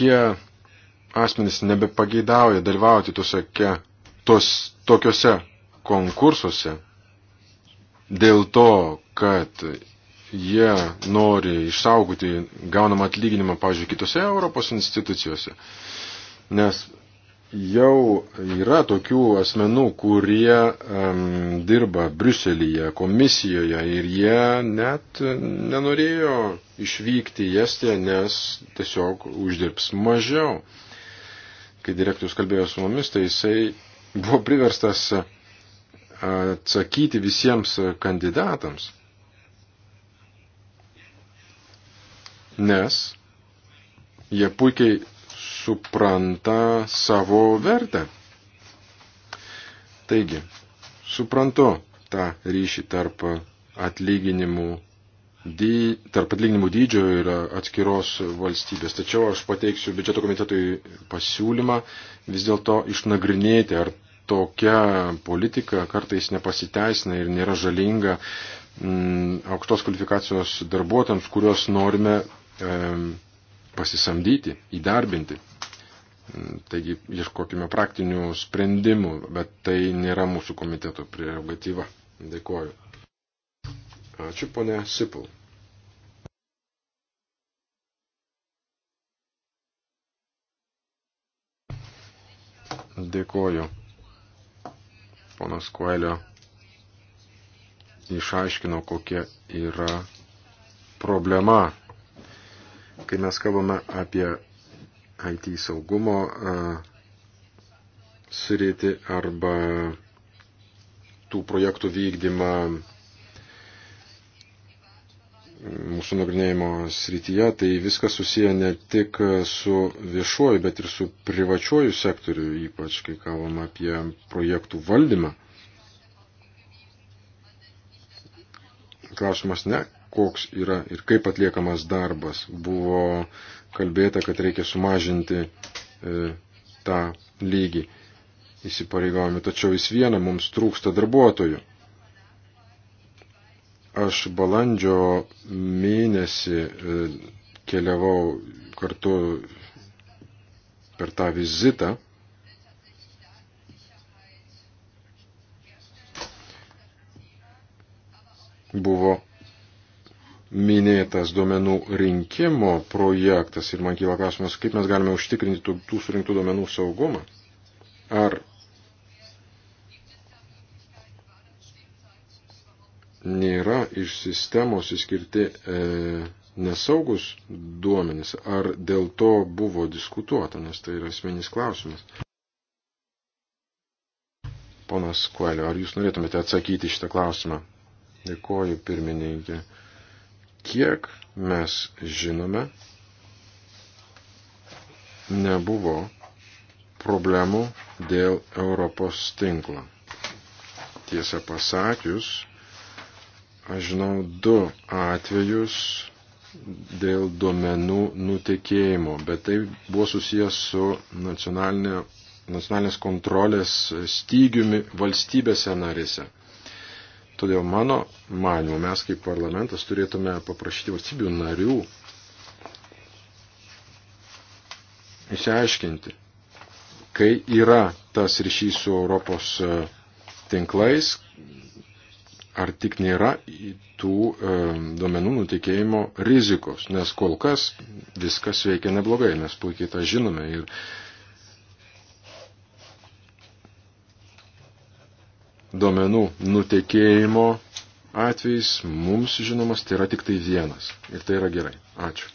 tokie asmenys nebepageidauja dalyvauti tose, tos, tokiuose konkursuose dėl to, kad jie nori išsaugoti gaunamą atlyginimą, pavyzdžiui, kitose Europos institucijose. Nes jau yra tokių asmenų, kurie um, dirba Briuselyje, komisijoje ir jie net nenorėjo išvykti į Estiją, nes tiesiog uždirbs mažiau. Kai direktorius kalbėjo su mumis, tai jisai buvo priverstas e, atsakyti visiems kandidatams. Nes jie puikiai supranta savo vertę. Taigi, suprantu tą ryšį tarp atlyginimų, dy, tarp atlyginimų dydžio ir atskiros valstybės. Tačiau aš pateiksiu biudžeto komitetui pasiūlymą vis dėlto išnagrinėti, ar tokia politika kartais nepasiteisina ir nėra žalinga m, mm, aukštos kvalifikacijos darbuotojams, kuriuos norime e, pasisamdyti, įdarbinti. Taigi ieškokime praktinių sprendimų, bet tai nėra mūsų komiteto prerogatyva. Dėkuoju. Ačiū, ponė Sipul. Dėkuoju. Ponas Koelio išaiškino, kokia yra problema, kai mes kalbame apie IT saugumo e, surėti arba tų projektų vykdymą mūsų nagrinėjimo srityje, tai viskas susiję ne tik su viešuoju, bet ir su privačiuoju sektoriu, ypač kai kalbam apie projektų valdymą. Klausimas ne, koks yra ir kaip atliekamas darbas. Buvo uh, kalbėta, kad reikia sumažinti e, tą lygį įsipareigojami, tačiau vis viena mums trūksta darbuotojų. Aš balandžio mėnesį e, keliavau kartu per tą vizitą. Buvo minėtas duomenų rinkimo projektas ir man kyla klausimas, kaip mes galime užtikrinti tų, tų surinktų duomenų saugumą. Ar nėra iš sistemos įskirti e, nesaugus duomenys, ar dėl to buvo diskutuota, nes tai yra asmenis klausimas. Ponas Kuelio, ar jūs norėtumėte atsakyti šitą klausimą? Dėkoju, pirmininkė. E, Kiek mes žinome, nebuvo problemų dėl Europos tinklo. Tiesą pasakius, aš žinau du atvejus dėl duomenų nutekėjimo, bet tai buvo susijęs su nacionalinė, nacionalinės kontrolės stygiumi valstybėse narėse. Todėl mano manimo mes kaip parlamentas turėtume paprašyti valstybių narių išsiaiškinti, kai yra tas ryšys su Europos e, tinklais, ar tik nėra tų e, duomenų nutikėjimo rizikos, nes kol kas viskas veikia neblogai, mes puikiai tą žinome ir duomenų nutekėjimo atvejais mums žinomas tai yra tik tai vienas. Ir tai yra gerai. Ačiū.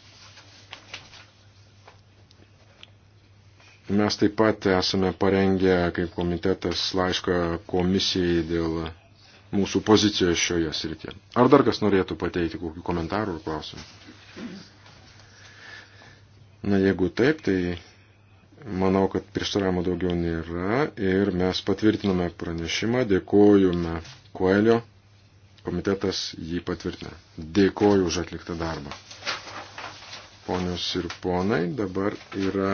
Mes taip pat esame parengę kaip komitetas laišką komisijai dėl mūsų pozicijos šioje srityje. Ar dar kas norėtų pateikti kokių komentarų ir klausimų? Na, jeigu taip, tai Manau, kad prieštaravimo daugiau nėra ir mes patvirtiname pranešimą, dėkojame Koelio, komitetas jį patvirtina. Dėkoju už atliktą darbą. Ponios ir ponai, dabar yra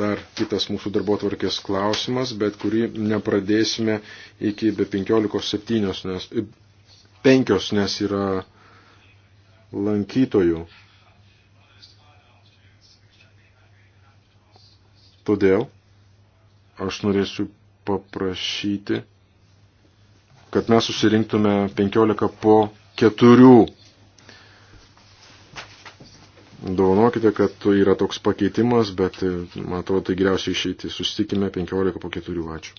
dar kitas mūsų darbo tvarkės klausimas, bet kurį nepradėsime iki be 15.7, nes 5, e, nes yra lankytojų. Todėl aš norėsiu paprašyti, kad mes susirinktume 15 po 4. Dovanokite, kad yra toks pakeitimas, bet man atrodo, tai geriausiai išeiti. Susitikime 15 po 4. Ačiū.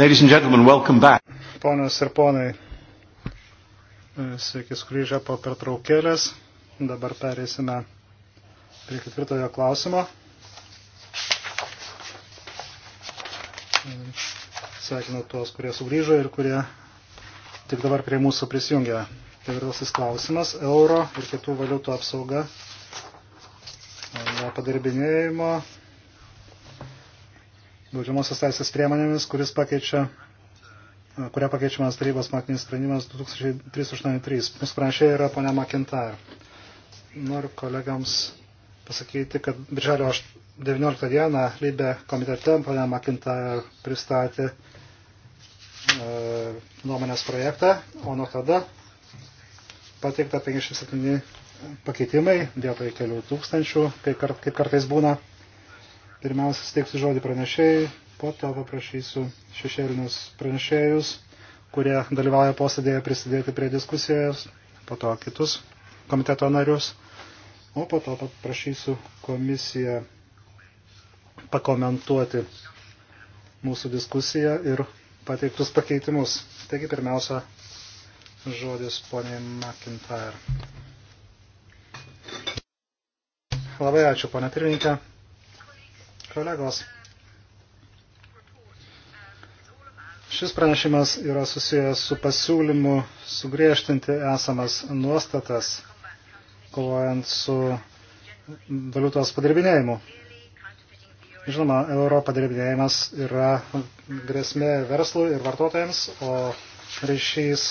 Ladies and gentlemen, welcome back. Ponios ir ponai, e, sveiki sugrįžę po pertraukėlės. Dabar pereisime prie ketvirtojo klausimo. E, Sveikinu tuos, kurie sugrįžo ir kurie tik dabar prie mūsų prisijungia. Ketvirtasis klausimas - euro ir kitų valiutų apsauga nuo padarbinėjimo baudžiamosios teisės priemonėmis, kuris pakeičia kuria pakeičiamas tarybos matinis sprendimas 2383. Mūsų pranešė yra ponia Makintar. Noriu kolegams pasakyti, kad birželio 19 dieną Lybė komitete ponia Makintar pristatė e, nuomonės projektą, o nuo tada pateikta 57 pakeitimai vietoj kelių tūkstančių, kaip, kart, kaip kartais būna. Pirmiausia, steiksiu žodį pranešėjai, po to paprašysiu šešėlinius pranešėjus, kurie dalyvauja posėdėje prisidėti prie diskusijos, po to kitus komiteto narius, o po to paprašysiu komisiją pakomentuoti mūsų diskusiją ir pateiktus pakeitimus. Taigi pirmiausia, žodis poniai McIntyre. Labai ačiū, ponia pirmininkė. Kolegos, šis pranešimas yra susijęs su pasiūlymu sugriežtinti esamas nuostatas, kovojant su valiutos padirbinėjimu. Žinoma, euro padirbinėjimas yra grėsmė verslui ir vartotojams, o ryšys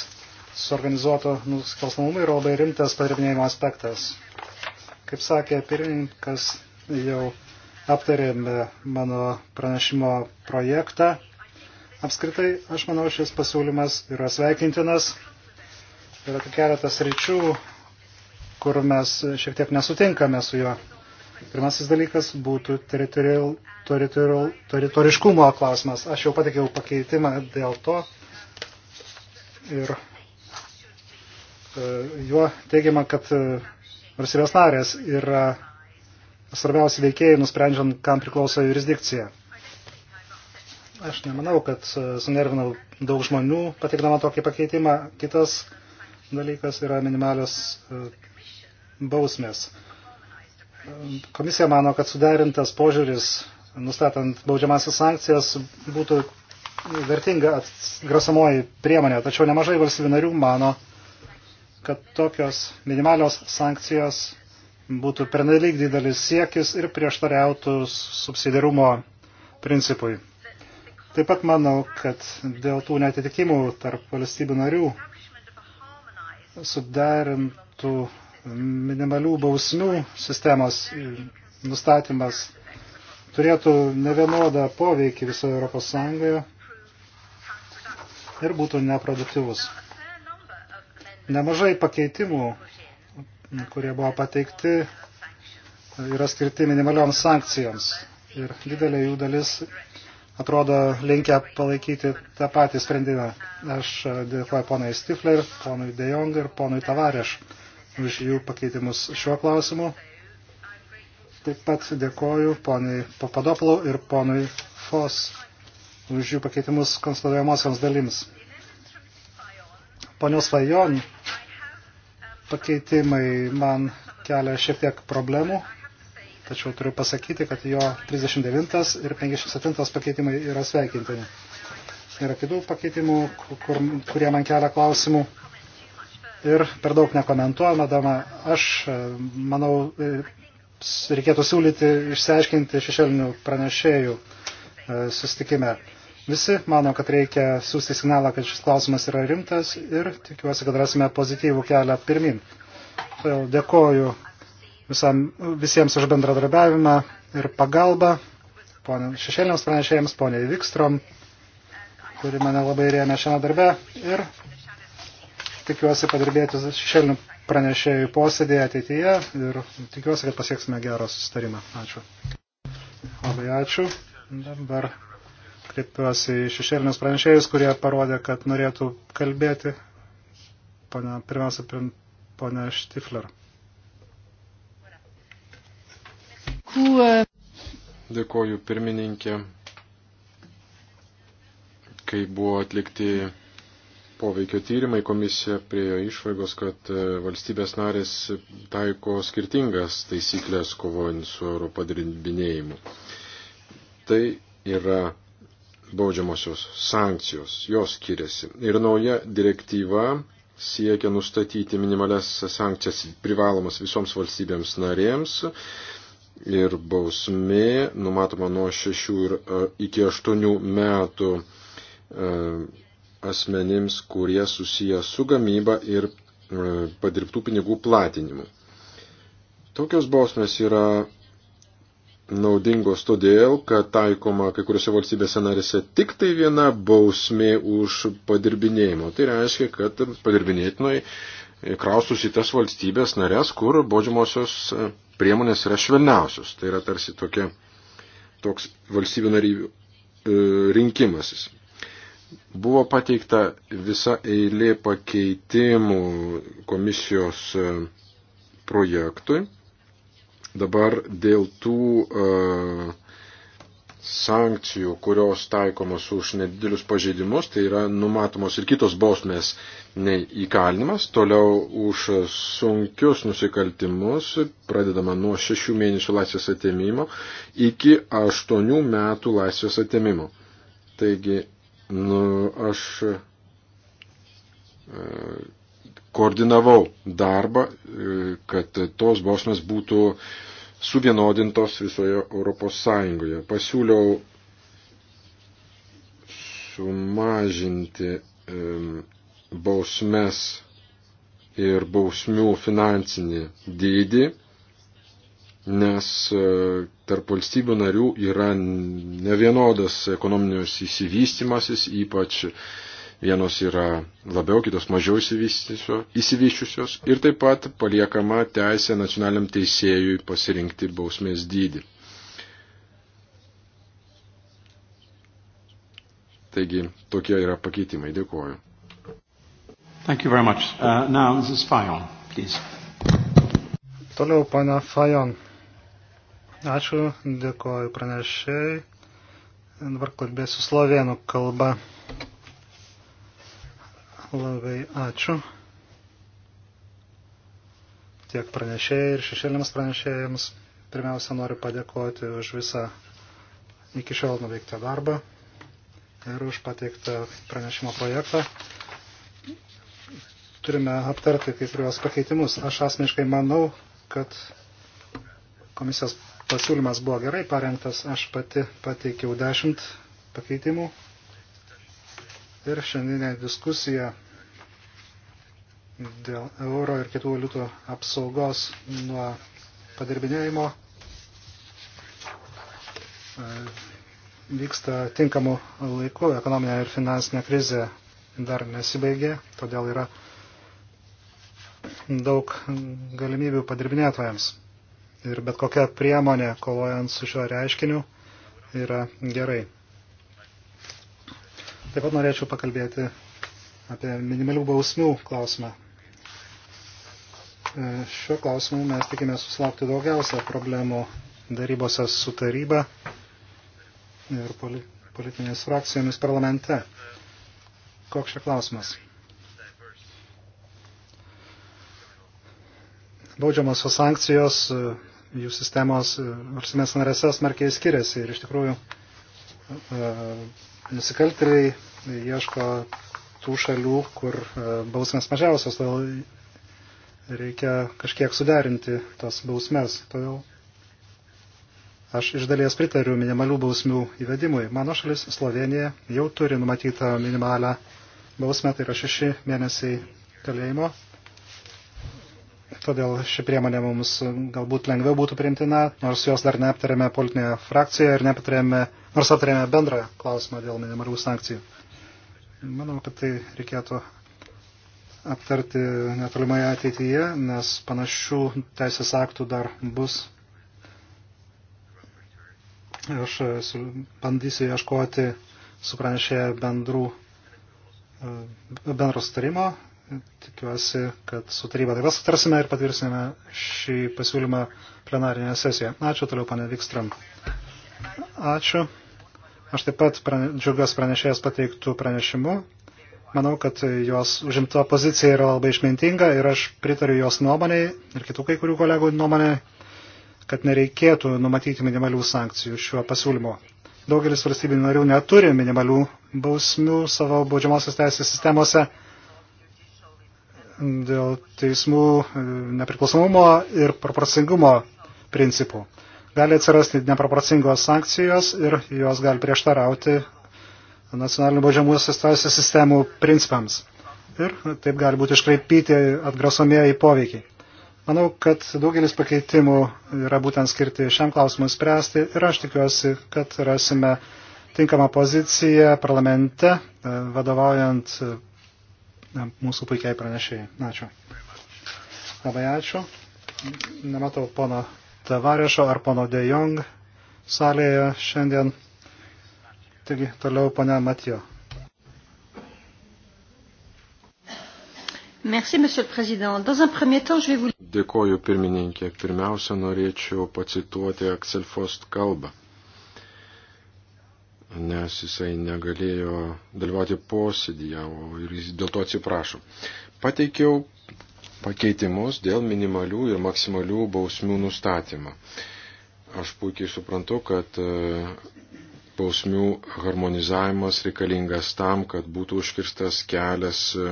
su organizuoto nusikalstamumu yra labai rimtas padirbinėjimo aspektas. Kaip sakė pirmininkas, jau aptarėme mano pranešimo projektą. Apskritai, aš manau, šis pasiūlymas yra sveikintinas. Yra keletas ryčių, kur mes šiek tiek nesutinkame su juo. Pirmasis dalykas būtų teritorial, teritorial, teritoriškumo klausimas. Aš jau patikėjau pakeitimą dėl to ir e, juo teigiama, kad e, valstybės narės yra svarbiausi veikėjai, nusprendžiant, kam priklauso jurisdikcija. Aš nemanau, kad e, sunervinau daug žmonių, patikdama tokį pakeitimą. Kitas dalykas yra minimalios e, bausmės. Komisija mano, kad suderintas požiūris, nustatant baudžiamasis sankcijas, būtų vertinga atgrasamoji priemonė. Tačiau nemažai valstybių narių mano, kad tokios minimalios sankcijos būtų pernelyg didelis siekis ir prieštariautų subsidiarumo principui. Taip pat manau, kad dėl tų netitikimų tarp valstybių narių suderintų minimalių bausmių sistemos nustatymas turėtų nevienodą poveikį visoje Europos Sąjungoje ir būtų neproduktyvus. Nemažai pakeitimų kurie buvo pateikti, yra skirti minimalioms sankcijoms. Ir didelė jų dalis atrodo linkę palaikyti tą patį sprendimą. Aš dėkuoju ponai Stifler, ponui De Jong ir ponui Tavareš už jų pakeitimus šiuo klausimu. Taip pat dėkoju ponui Papadoplu ir ponui Fos už jų pakeitimus konstatuojamosioms dalims. Ponios Vajon pakeitimai man kelia šiek tiek problemų, tačiau turiu pasakyti, kad jo 39 ir 57 pakeitimai yra sveikintini. Yra kitų pakeitimų, kur, kurie man kelia klausimų ir per daug nekomentuojama. Aš e, manau, e, reikėtų siūlyti išsiaiškinti šešėlinių pranešėjų e, susitikime. Visi mano, kad reikia siūsti signalą, kad šis klausimas yra rimtas ir tikiuosi, kad rasime pozityvų kelią pirmin. Todėl dėkoju visam, visiems už bendradarbiavimą ir pagalbą šešėliams pranešėjams, poniai Vikstrom, kuri mane labai rėmė šiame darbe ir tikiuosi padirbėti šešėlinių pranešėjų posėdėje ateityje ir tikiuosi, kad pasieksime gerą susitarimą. Ačiū. Labai ačiū. Dabar kreipiuosi į šešėlinius pranešėjus, kurie parodė, kad norėtų kalbėti. Pana, pirmiausia, ponia Štifler. Dėkoju pirmininkė, kai buvo atlikti poveikio tyrimai, komisija priejo išvaigos, kad e, valstybės narės taiko skirtingas taisyklės kovojant su Europo dirbinėjimu. Tai yra baudžiamosios sankcijos, jos skiriasi. Ir nauja direktyva siekia nustatyti minimales sankcijas privalomas visoms valstybėms narėms ir bausmė numatoma nuo 6 ir, e, iki 8 metų e, asmenims, kurie susiję su gamyba ir e, padirbtų pinigų platinimu. Tokios bausmės yra naudingos todėl, kad taikoma kai kuriuose valstybėse narėse tik tai viena bausmė už padirbinėjimą. Tai reiškia, kad padirbinėtinai kraustus į tas valstybės narės, kur baudžiamosios priemonės yra švelniausios. Tai yra tarsi tokia, toks valstybių narybių e, rinkimasis. Buvo pateikta visa eilė pakeitimų komisijos e, projektui Dabar dėl tų uh, sankcijų, kurios taikomos už nedidelius pažeidimus, tai yra numatomos ir kitos bausmės nei įkalinimas. Toliau už sunkius nusikaltimus pradedama nuo 6 mėnesių laisvės atėmimo iki 8 metų laisvės atėmimo. Taigi, nu, aš e, koordinavau darbą, e, kad tos bausmės būtų suvienodintos visoje Europos Sąjungoje. Pasiūliau sumažinti bausmes ir bausmių finansinį dydį, nes e, tarp valstybių narių yra nevienodas ekonominius įsivystimasis, ypač vienos yra labiau, kitos mažiau įsivyščiusios ir taip pat paliekama teisė nacionaliniam teisėjui pasirinkti bausmės dydį. Taigi tokie yra pakeitimai. Dėkuoju. Thank you very much. Uh, now, Mrs. Fajon, please. Toliau, pana Fajon. Ačiū, dėkuoju pranešėjai. Dabar kalbėsiu slovėnų kalba. Labai ačiū. Tiek pranešėjai ir šešėliams pranešėjams. Pirmiausia, noriu padėkoti už visą iki šiol nuveiktą darbą ir už pateiktą pranešimo projektą. Turime aptarti kai kurios pakeitimus. Aš asmeniškai manau, kad komisijos pasiūlymas buvo gerai parengtas. Aš pati pateikiau dešimt pakeitimų ir šiandienę diskusiją dėl euro ir kitų valiutų apsaugos nuo padirbinėjimo e, vyksta tinkamu laiku. Ekonominė ir finansinė krizė dar nesibaigė, todėl yra daug galimybių padirbinėtojams. Ir bet kokia priemonė, kovojant su šiuo reiškiniu, yra gerai. Taip pat norėčiau pakalbėti apie minimalių bausmių klausimą. E, šiuo klausimu mes tikime susilaukti daugiausia problemų darybose su taryba ir politinės frakcijomis parlamente. Koks čia klausimas? Baudžiamosios sankcijos e, jų sistemos e, valstybės narėse smarkiai skiriasi ir iš tikrųjų nusikaltėliai ieško tų šalių, kur e, bausmės mažiausios, todėl reikia kažkiek suderinti tas bausmes. Todėl aš iš dalies pritariu minimalių bausmių įvedimui. Mano šalis Slovenija jau turi numatytą minimalią bausmę, tai yra šeši mėnesiai kalėjimo Todėl ši priemonė mums galbūt lengviau būtų primtina, nors jos dar neaptarėme politinėje frakcijoje ir neaptarėme, nors aptarėme bendrą klausimą dėl minimalių sankcijų. Manau, kad tai reikėtų aptarti netolimoje ateityje, nes panašių teisės aktų dar bus. Aš bandysiu ieškoti su pranešėje bendrų e, bendro starimo tikiuosi, kad su taryba taip pat sutarsime ir patvirsime šį pasiūlymą plenarinėje sesijoje. Ačiū toliau, pane Vikstram. Ačiū. Aš taip pat prane, džiaugiuosi pranešėjas pateiktų pranešimų. Manau, kad jos užimta pozicija yra labai išmintinga ir aš pritariu jos nuomonėj ir kitų kai kurių kolegų nuomonėj, kad nereikėtų numatyti minimalių sankcijų šiuo pasiūlymu. Daugelis valstybių narių neturi minimalių bausmių savo baudžiamosios teisės sistemose dėl teismų e, nepriklausomumo ir proporcingumo principų. Gali atsirasti neproporcingos sankcijos ir jos gali prieštarauti nacionalinių baudžiamosios teisės sistemų principams. Ir taip gali būti iškreipyti atgrasomieji poveikiai. Manau, kad daugelis pakeitimų yra būtent skirti šiam klausimui spręsti ir aš tikiuosi, kad rasime tinkamą poziciją parlamente, e, vadovaujant mūsų puikiai pranešėjai. Ačiū. Labai ačiū. Nematau pono Tavarešo ar pono De Jong salėje šiandien. Taigi toliau ponia Matijo. Merci, Monsieur le Président. Dans un premier temps, je vais vous... Dėkoju, pirmininkė. Pirmiausia, norėčiau pacituoti Axel Fost kalbą nes jisai negalėjo dalyvauti posėdėje ir jis dėl to atsiprašo. Pateikiau pakeitimus dėl minimalių ir maksimalių bausmių nustatymą. Aš puikiai suprantu, kad e, bausmių harmonizavimas reikalingas tam, kad būtų užkirstas kelias e,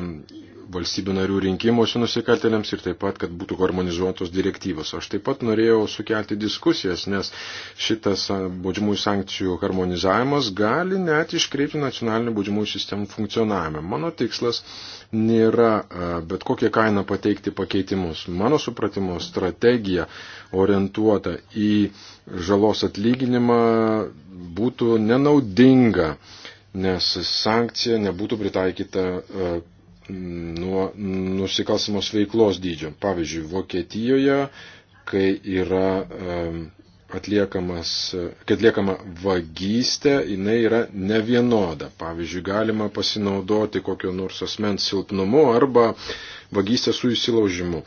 valstybių narių rinkimuose nusikaltėliams ir taip pat, kad būtų harmonizuotos direktyvos. Aš taip pat norėjau sukelti diskusijas, nes šitas baudžiamųjų sankcijų harmonizavimas gali net iškreipti nacionalinių baudžiamųjų sistemų funkcionavimą. Mano tikslas nėra bet kokią kainą pateikti pakeitimus. Mano supratimo strategija orientuota į žalos atlyginimą būtų nenaudinga nes sankcija nebūtų pritaikyta nuo nusikalstamos veiklos dydžio. Pavyzdžiui, Vokietijoje, kai yra atliekamas, kai atliekama vagystė, jinai yra nevienoda. Pavyzdžiui, galima pasinaudoti kokio nors asmens silpnumu arba vagystė su įsilaužimu.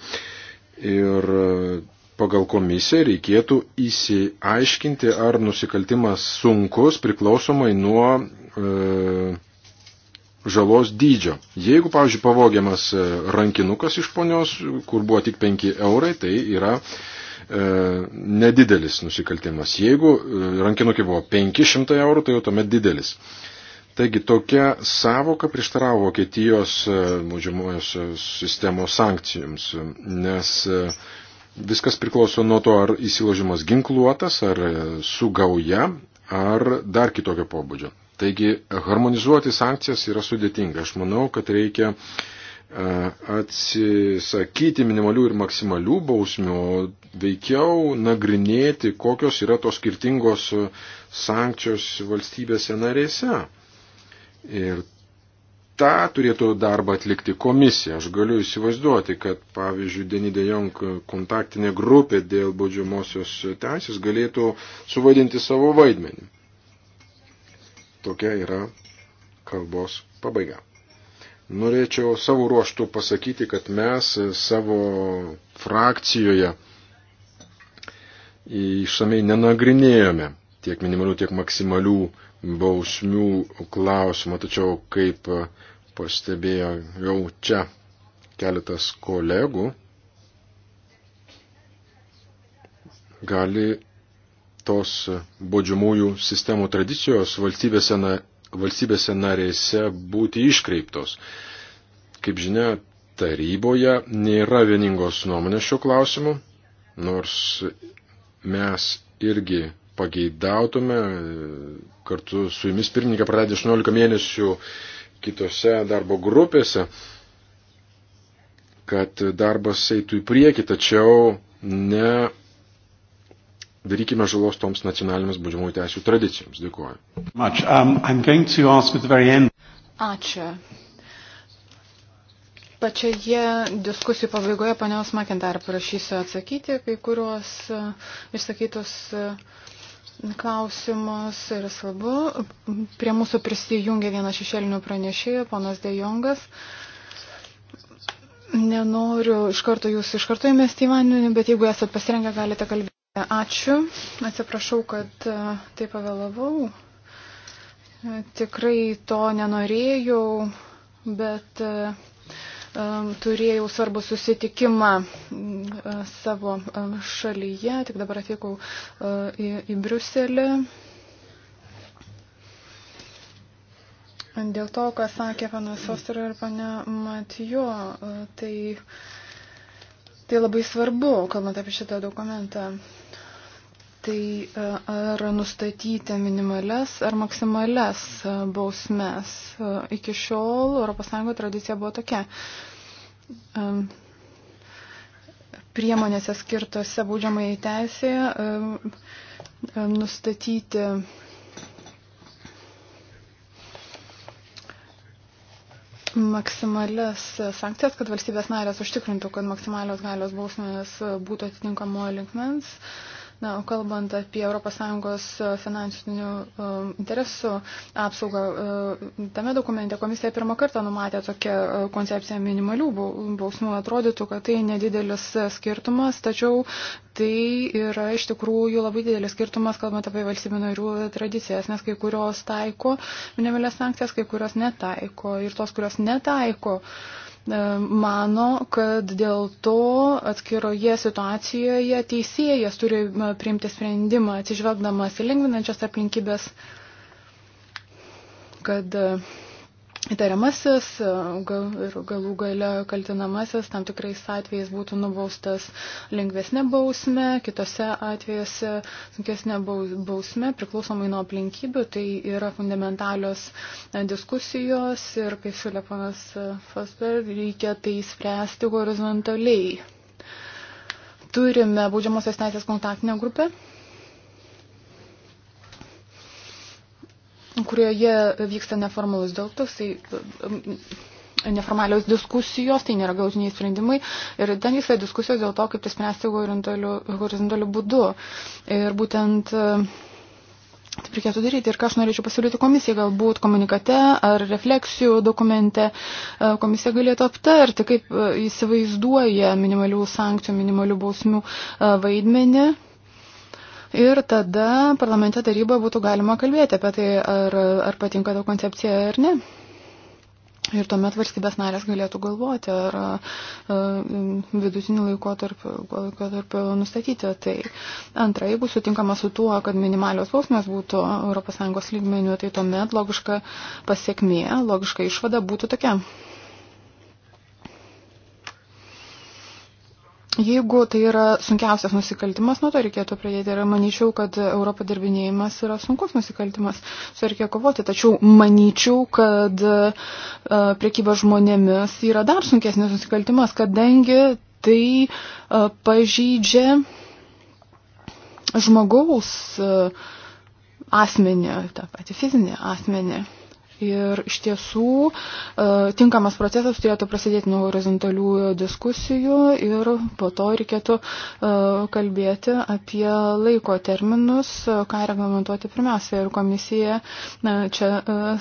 Ir e, pagal komisiją reikėtų įsiaiškinti, ar nusikaltimas sunkus priklausomai nuo e, žalos dydžio. Jeigu, pavyzdžiui, pavogiamas e, rankinukas iš ponios, kur buvo tik 5 eurai, tai yra e, nedidelis nusikaltimas. Jeigu e, rankinukai buvo 500 eurų, tai jau tuomet didelis. Taigi tokia savoka prieštaravo Vokietijos e, baudžiamojosios sistemos sankcijoms, nes viskas priklauso nuo to, ar įsiložimas ginkluotas, ar su gauja, ar dar kitokio pobūdžio. Taigi harmonizuoti sankcijas yra sudėtinga. Aš manau, kad reikia e, atsisakyti minimalių ir maksimalių bausmių, veikiau nagrinėti, kokios yra tos skirtingos sankcijos valstybėse narėse. Ir tą turėtų darbą atlikti komisija. Aš galiu įsivaizduoti, kad, pavyzdžiui, Denide Jong kontaktinė grupė dėl baudžiamosios teisės galėtų suvaidinti savo vaidmenį. Tokia yra kalbos pabaiga. Norėčiau savo ruoštų pasakyti, kad mes savo frakcijoje išsamei nenagrinėjome tiek minimalių, tiek maksimalių bausmių klausimą, tačiau kaip pastebėjo jau čia keletas kolegų, gali tos bodžiamųjų sistemų tradicijos valstybėse, na, valstybėse narėse būti iškreiptos. Kaip žinia, taryboje nėra vieningos nuomonės šiuo klausimu, nors mes irgi pageidautume kartu su jumis pirmininkė pradėti 18 mėnesių kitose darbo grupėse, kad darbas eitų į priekį, tačiau ne darykime žalos toms nacionalinėms baudžiamųjų teisų tradicijoms. Dėkuoju. Um, Ačiū. Pačioje diskusijų pabaigoje panios Makintar prašysiu atsakyti kai kuriuos uh, išsakytus uh, klausimus ir svarbu. Prie mūsų prisijungia vienas šešėlinių pranešėjų, ponas Dejongas. Nenoriu iš karto jūs iš karto įmesti į vandenį, bet jeigu esate pasirengę, galite kalbėti. E, ačiū, atsiprašau, kad e, taip pavėlavau. E, tikrai to nenorėjau, bet turėjau svarbų susitikimą savo šalyje, tik dabar atvykau į, į Briuselį. Dėl to, ką sakė panas Ostara ir pane Matijo, tai, tai labai svarbu, kalbant apie šitą dokumentą tai e, ar nustatyti minimales ar maksimales e, bausmes. E, iki šiol ES tradicija buvo tokia. Priemonėse skirtose baudžiamai teisėje nustatyti maksimalias sankcijas, kad valstybės narės užtikrintų, kad maksimalios galios bausmės būtų atitinkamo linkmens. Uh, Na, o kalbant apie ES e, finansinių e, interesų apsaugą, e, tame dokumente komisija pirmą kartą numatė tokią koncepciją minimalių bausmų. Atrodytų, kad tai nedidelis skirtumas, tačiau tai yra iš tikrųjų labai didelis skirtumas, kalbant apie valstybių narių tradicijas, nes kai kurios taiko minimalės sankcijas, kai kurios netaiko ir tos, kurios netaiko. Uh, E, mano, kad dėl to atskiroje situacijoje teisėjas turi e, priimti sprendimą atsižvelgdamas į lengvinančias aplinkybės, kad uh, įtariamasis ir galų gale kaltinamasis tam tikrais atvejais būtų nubaustas lengvesnė bausmė, kitose atvejuose sunkesnė bausmė, priklausomai nuo aplinkybių. Tai yra fundamentalios e, diskusijos ir, kaip siūlė panas Fosber, reikia tai spręsti horizontaliai. Turime baudžiamosios teisės kontaktinę grupę kurioje vyksta neformalus dialogas, tai e, neformalios diskusijos, tai nėra galutiniai sprendimai. Ir ten vyksta diskusijos dėl to, kaip tai spręsti horizontaliu būdu. Ir būtent e, taip reikėtų daryti. Ir ką aš norėčiau pasiūlyti komisijai, galbūt komunikate ar refleksijų dokumente e, komisija galėtų aptarti, kaip įsivaizduoja minimalių sankcijų, minimalių bausmių vaidmenį Ir tada parlamente taryboje būtų galima kalbėti apie tai, ar, ar patinka ta koncepcija ar ne. Ir tuomet valstybės narės galėtų galvoti, ar, ar vidutinį laikotarpį laikotarp nustatyti. Tai antra, jeigu sutinkama su tuo, kad minimalios bausmės būtų ES lygmenių, tai tuomet logiška pasiekmė, logiška išvada būtų tokia. Jeigu tai yra sunkiausias nusikaltimas, nuo to reikėtų pradėti. Ir manyčiau, kad Europo dirbinėjimas yra sunkus nusikaltimas, su reikia kovoti. Tačiau manyčiau, kad e, priekyba žmonėmis yra dar sunkesnis nusikaltimas, kadangi tai e, pažydžia žmogaus e, asmenį, tą patį fizinį asmenį. Ir iš tiesų e, tinkamas procesas turėtų prasidėti nuo horizontalių diskusijų ir po to reikėtų e, kalbėti apie laiko terminus, e, ką reglamentuoti pirmiausia. Ir komisija na, čia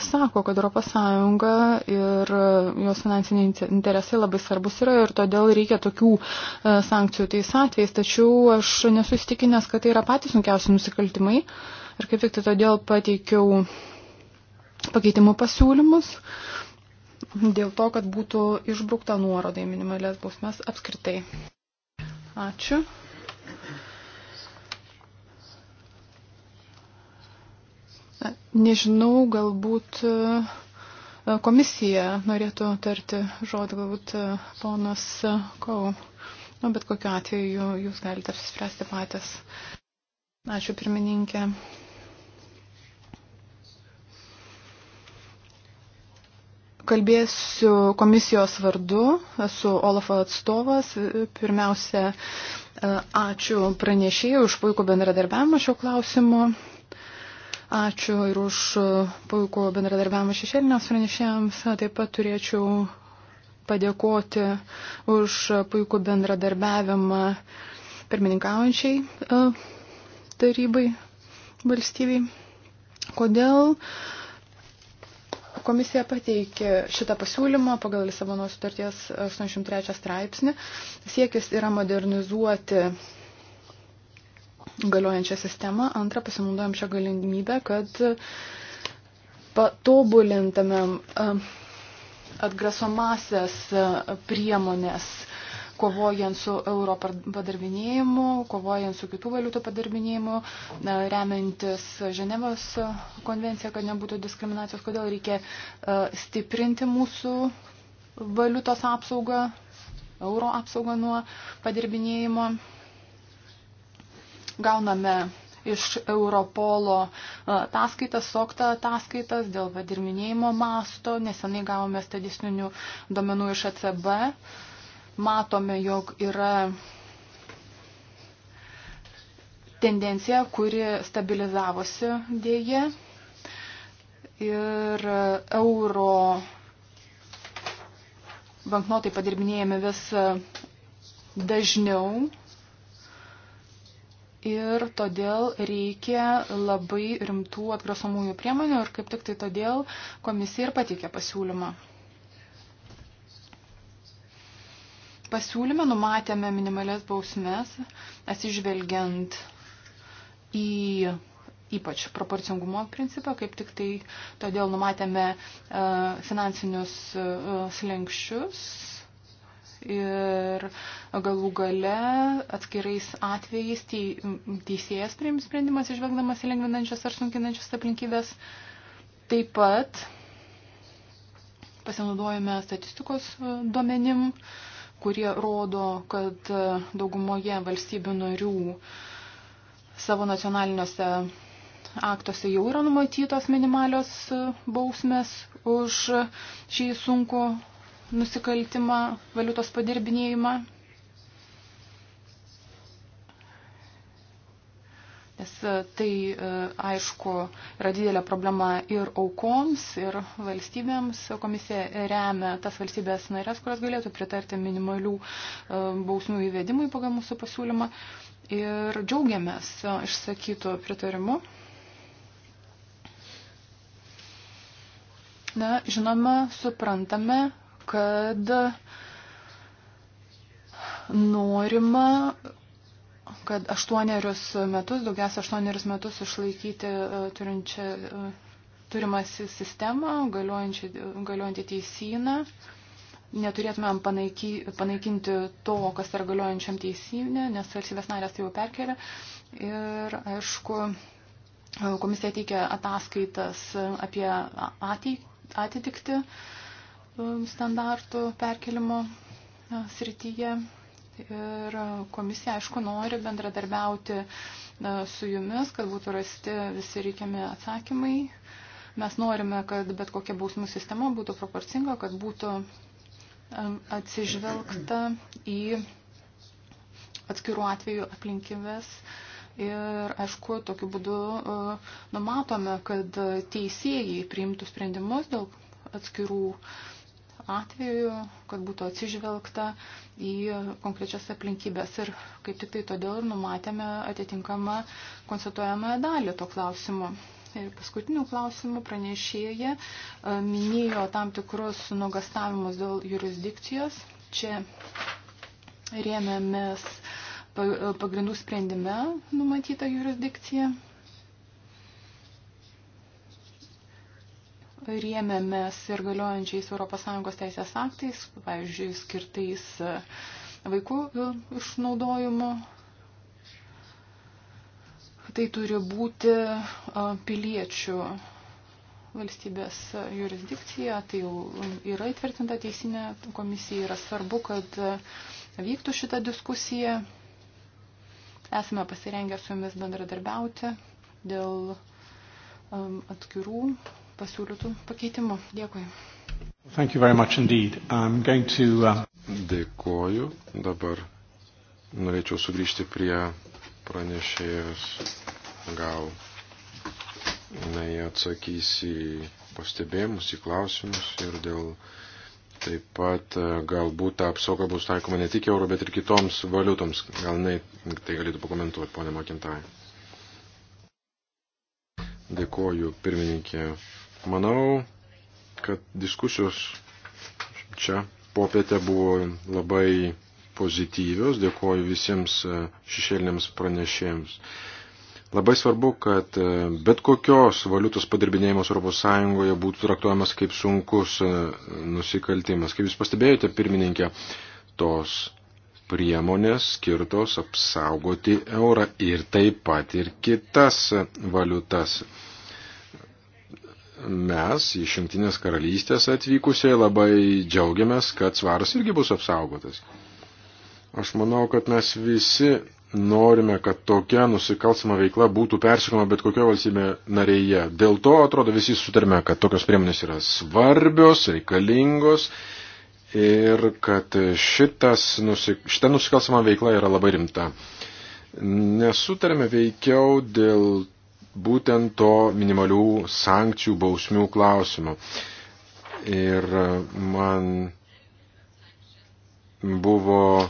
sako, kad ES ir jos finansiniai interesai labai svarbus yra ir todėl reikia tokių sankcijų tais atvejais. Tačiau aš nesu įstikinęs, kad tai yra patys sunkiausi nusikaltimai. Ir kaip tik tai todėl pateikiau pakeitimų pasiūlymus dėl to, kad būtų išbrukta nuoroda į minimalės bausmes apskritai. Ačiū. Na, nežinau, galbūt e, komisija norėtų tarti žodį, galbūt e, ponas Kau. Nu, bet kokiu atveju jūs galite apsispręsti patys. Ačiū pirmininkė. Kalbėsiu komisijos vardu, esu Olafo atstovas. Pirmiausia, e, ačiū pranešėjai už puikų bendradarbiavimą šio klausimu. Ačiū ir už puikų bendradarbiavimą šešėliniams pranešėjams. Taip pat turėčiau padėkoti už puikų bendradarbiavimą pirmininkaujančiai e, tarybai valstybei. Kodėl uh, Komisija pateikė šitą pasiūlymą pagal Lisabono sutarties 83 straipsnį. Siekis yra modernizuoti galiojančią sistemą. Antra, pasinaudojom šią galimybę, kad patobulintamėm atgrasomasias priemonės kovojant su euro padarvinėjimu, kovojant su kitų valiutų padarvinėjimu, remiantis Ženevos konvenciją, kad nebūtų diskriminacijos, kodėl reikia e, stiprinti mūsų valiutos apsaugą, euro apsaugą nuo padirbinėjimo. Gauname iš Europolo e, ataskaitas, soktą ataskaitas dėl padirminėjimo masto. Nesenai gavome statistinių duomenų iš ECB. Uh, matome, jog yra tendencija, kuri stabilizavosi dėje ir euro banknotai padirbinėjami vis dažniau ir todėl reikia labai rimtų atgrasomųjų priemonių ir kaip tik tai todėl komisija ir pateikė pasiūlymą. pasiūlyme numatėme minimalės bausmes, atsižvelgiant į ypač proporcingumo principą, kaip tik tai todėl numatėme e, finansinius e, slengščius ir galų gale atskirais atvejais teisėjas priims sprendimas išvegdamas į lengvinančias ar sunkinančias aplinkybės. Taip pat pasinaudojame statistikos e, duomenim, uh, kurie rodo, kad e, daugumoje valstybių narių savo nacionaliniuose aktuose jau yra numatytos minimalios e, bausmės už šį sunku nusikaltimą, valiutos padirbinėjimą Nes e, tai, e, aišku, yra didelė problema ir aukoms, ir valstybėms. Komisija remia tas valstybės narės, kurios galėtų pritarti minimalių e, bausmių įvedimui pagal mūsų pasiūlymą. Ir džiaugiamės išsakytų pritarimu. Na, žinoma, suprantame, kad norima kad aštuonerius metus, daugiausia aštuonerius metus išlaikyti e, turinčią, e, turimą sistemą, galiojantį teisyną. Neturėtumėm panaiky, panaikinti to, kas yra galiojančiam teisynė, nes valstybės narės tai jau perkelia. Ir, aišku, komisija teikia ataskaitas apie atitikti um, standartų perkelimo srityje ir komisija, aišku, nori bendradarbiauti e, su jumis, kad būtų rasti visi reikiami atsakymai. Mes norime, kad bet kokia bausmų sistema būtų proporcinga, kad būtų e, atsižvelgta į atskirų atvejų aplinkybės. Ir, aišku, tokiu būdu e, numatome, kad teisėjai priimtų sprendimus dėl atskirų uh, atveju, kad būtų atsižvelgta į konkrečias aplinkybės. Ir kaip tik tai todėl ir numatėme atitinkamą konstatuojamąją dalį to klausimo. Ir paskutinių klausimų pranešėja e, minėjo tam tikrus nugastavimus dėl jurisdikcijos. Čia rėmėmės pagrindų sprendime numatytą jurisdikciją. rėmėmės ir galiojančiais ES teisės aktais, pavyzdžiui, skirtais e, vaikų e, išnaudojimu. Tai turi būti e, piliečių valstybės jurisdikcija, tai jau yra įtvirtinta teisinė komisija, yra svarbu, kad vyktų šitą diskusiją. Esame pasirengę su jumis bendradarbiauti dėl atskirų pasiūlytų pakeitimų. Dėkui. Thank you very much indeed. I'm going to, uh... Dėkoju. Dabar norėčiau sugrįžti prie pranešėjos. Gal jinai atsakys į pastebėjimus, į klausimus ir dėl taip pat uh, galbūt ta apsauga bus taikoma ne tik euro, bet ir kitoms valiutoms. Gal jinai tai galėtų pakomentuoti, ponė Makintai. Dėkoju, pirmininkė. Manau, kad diskusijos čia popietė buvo labai pozityvios. Dėkuoju visiems e, šešėliniams pranešėjams. Labai svarbu, kad e, bet kokios valiutos padirbinėjimas ES būtų traktuojamas kaip sunkus e, nusikaltimas. Kaip jūs pastebėjote, pirmininkė, tos priemonės skirtos apsaugoti eurą ir taip pat ir kitas valiutas mes iš Jungtinės karalystės atvykusiai labai džiaugiamės, kad svaras irgi bus apsaugotas. Aš manau, kad mes visi norime, kad tokia nusikalstama veikla būtų persikoma bet kokio valstybė narėje. Dėl to, atrodo, visi sutarime, kad tokios priemonės yra svarbios, reikalingos ir kad šitas, šita nusikalstama veikla yra labai rimta. Nesutarime veikiau dėl būtent to minimalių sankcijų bausmių klausimu. Ir man buvo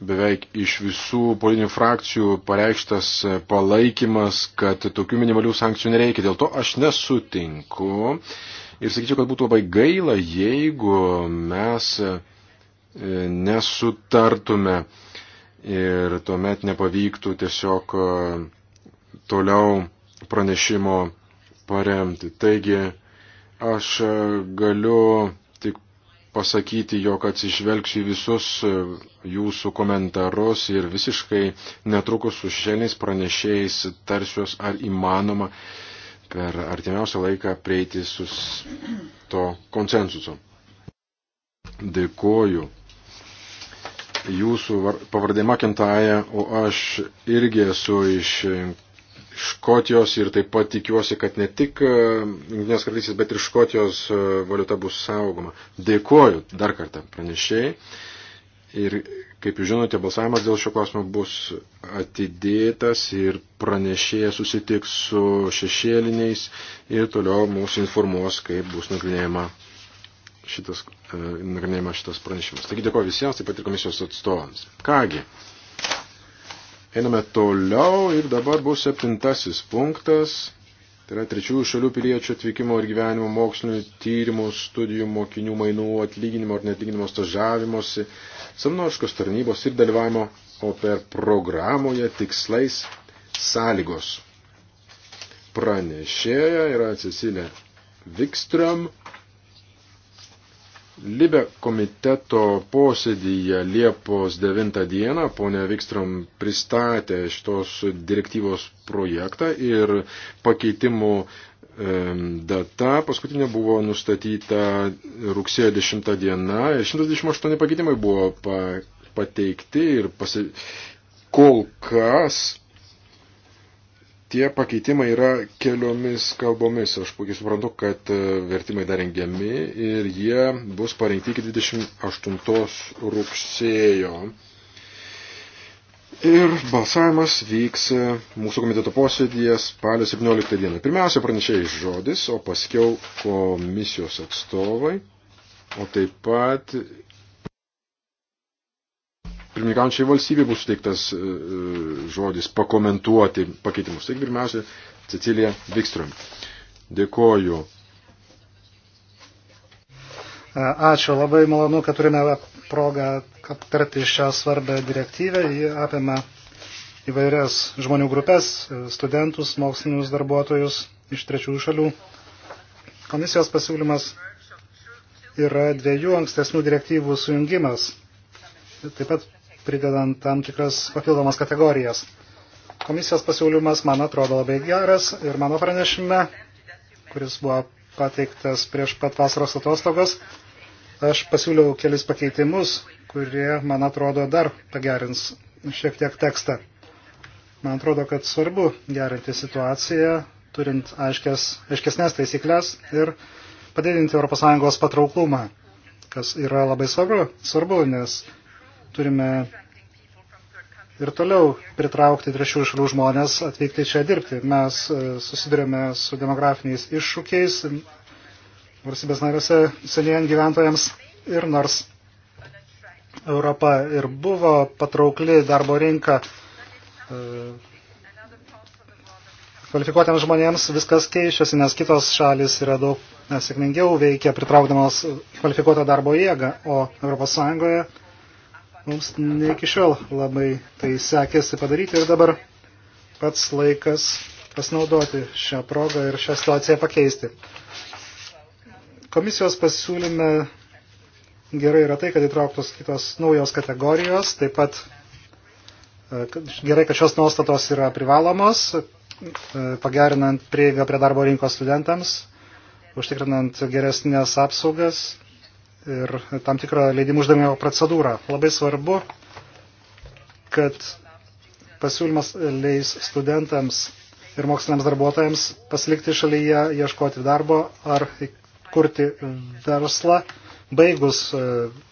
beveik iš visų politinių frakcijų pareikštas palaikymas, kad tokių minimalių sankcijų nereikia. Dėl to aš nesutinku. Ir sakyčiau, kad būtų labai gaila, jeigu mes e, nesutartume ir tuomet nepavyktų tiesiog e, toliau pranešimo paremti. Taigi, aš galiu tik pasakyti, jog atsižvelgsiu visus jūsų komentarus ir visiškai netrukus su šiandienis pranešėjais tarsiuos, ar įmanoma per artimiausią laiką prieiti su to konsensusu. Dėkoju. Jūsų pavardė Makintaja, o aš irgi esu iš Škotijos ir taip pat tikiuosi, kad ne tik e, Junktinės karalystės, bet ir Škotijos e, valiuta bus saugoma. Dėkuoju dar kartą pranešėjai. Ir kaip jūs žinote, balsavimas dėl šio klausimo bus atidėtas ir pranešėjas susitiks su šešėliniais ir toliau mūsų informuos, kaip bus nagrinėjama šitas, e, nagrinėjama šitas pranešimas. Taigi dėkuoju visiems, taip pat ir komisijos atstovams. Kągi. Einame toliau ir dabar bus septintasis punktas. Tai yra trečiųjų šalių piliečių atvykimo ir gyvenimo mokslinių tyrimų, studijų, mokinių mainų, atlyginimo ar netlyginimo stažavimosi, samnoškos tarnybos ir dalyvavimo oper programoje tikslais sąlygos. Pranešėja yra Cecilė Vikström. Libe komiteto posėdyje Liepos 9 dieną ponė Vikstrom pristatė šitos direktyvos projektą ir pakeitimų data paskutinė buvo nustatyta rugsėjo 10 diena ir 128 pakeitimai buvo pateikti ir pasi... kol kas Tie pakeitimai yra keliomis kalbomis. Aš puikiai suprantu, kad e, vertimai dar rengiami ir jie bus parengti iki 28 rugsėjo. Ir balsavimas vyks e, mūsų komiteto posėdėje spalio 17 dieną. Pirmiausia pranešėjai žodis, o paskiau komisijos atstovai, o taip pat pirmininkaujančiai valstybė bus suteiktas e, e, žodis pakomentuoti pakeitimus. Taigi pirmiausia, Cecilija Vikstrom. Dėkoju. E, ačiū, labai malonu, kad turime progą aptarti šią svarbę direktyvę. Ji apima įvairias žmonių grupės, studentus, mokslinius darbuotojus iš trečiųjų šalių. Komisijos pasiūlymas yra dviejų ankstesnių direktyvų sujungimas. Taip pat pridedant tam tikras papildomas kategorijas. Komisijos pasiūlymas man atrodo labai geras ir mano pranešime, kuris buvo pateiktas prieš pat vasaros atostogas, aš pasiūliau kelis pakeitimus, kurie, man atrodo, dar pagerins šiek tiek tekstą. Man atrodo, kad svarbu gerinti situaciją, turint aiškes, aiškesnės taisyklės ir padidinti ES patrauklumą, kas yra labai svarbu, svarbu nes turime ir toliau pritraukti trečių šalių žmonės atvykti čia dirbti. Mes e, susidurėme su demografiniais iššūkiais valstybės narėse senėjant gyventojams ir nors Europa ir buvo patraukli darbo rinka e, kvalifikuotiems žmonėms, viskas keičiasi, nes kitos šalis yra daug nesėkmingiau veikia pritraukdamos kvalifikuotą darbo jėgą, o ES Mums ne iki šiol labai tai sekėsi padaryti ir dabar pats laikas pasinaudoti šią progą ir šią situaciją pakeisti. Komisijos pasiūlyme gerai yra tai, kad įtrauktos kitos naujos kategorijos, taip pat e, gerai, kad šios nuostatos yra privalomos, e, pagerinant prieigą prie darbo rinkos studentams, užtikrinant geresnės apsaugas ir tam tikrą leidimų uždavimo procedūrą. Labai svarbu, kad pasiūlymas leis studentams ir moksliniams darbuotojams pasilikti šalyje, ieškoti darbo ar kurti verslą, baigus e,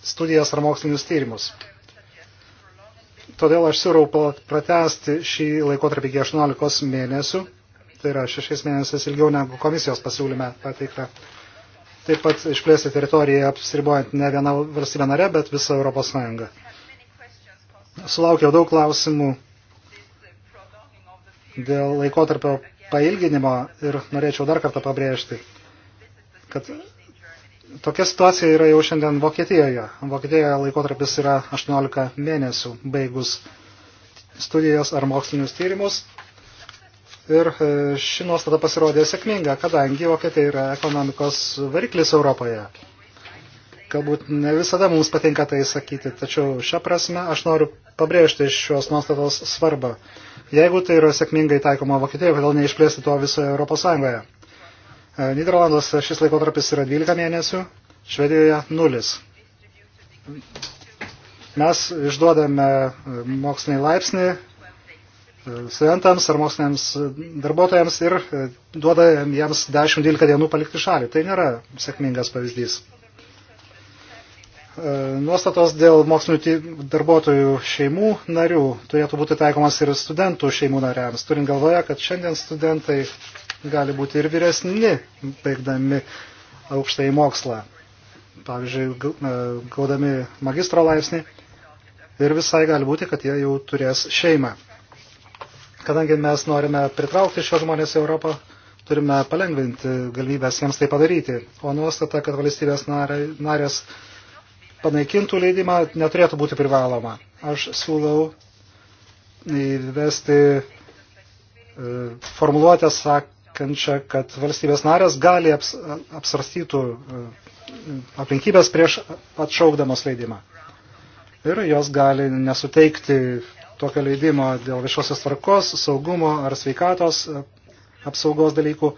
studijas ar mokslinius tyrimus. Todėl aš siūrau pratesti šį laikotarpį iki 18 mėnesių, tai yra 6 mėnesius ilgiau negu komisijos pasiūlyme pateikta. Tai taip pat išplėsti teritoriją apsiribojant ne vieną valstybę narę, bet visą Europos Sąjungą. Sulaukiau daug klausimų dėl laikotarpio pailginimo ir norėčiau dar kartą pabrėžti, kad tokia situacija yra jau šiandien Vokietijoje. Vokietijoje laikotarpis yra 18 mėnesių baigus studijas ar mokslinius tyrimus Ir e, ši nuostata pasirodė sėkminga, kadangi Vokietija yra ekonomikos variklis Europoje. Galbūt ne visada mums patinka tai sakyti, tačiau šią prasme aš noriu pabrėžti šios nuostatos svarbą. Jeigu tai yra sėkmingai taikoma Vokietijoje, kodėl neišplėsti to visoje Europos Sąjungoje? E, Niderlanduose šis laikotarpis yra 12 mėnesių, Švedijoje 0. Mes išduodame e, mokslinį laipsnį studentams ar moksliniams darbuotojams ir e, duoda jiems 10-12 dienų palikti šalį. Tai nėra sėkmingas pavyzdys. E, nuostatos dėl mokslinių darbuotojų šeimų narių turėtų būti taikomas ir studentų šeimų nariams, turint galvoje, kad šiandien studentai gali būti ir vyresni, baigdami aukštąjį mokslą, pavyzdžiui, e, gaudami magistro laipsnį ir visai gali būti, kad jie jau turės šeimą. Kadangi mes norime pritraukti šios žmonės į Europą, turime palengvinti galimybės jiems tai padaryti. O nuostata, kad valstybės narės panaikintų leidimą, neturėtų būti privaloma. Aš siūlau įvesti e, formuluotę sakančią, kad valstybės narės gali aps, apsarstytų e, aplinkybės prieš atšaukdamos leidimą. Ir jos gali nesuteikti tokio leidimo dėl viešosios tvarkos, saugumo ar sveikatos e, apsaugos dalykų,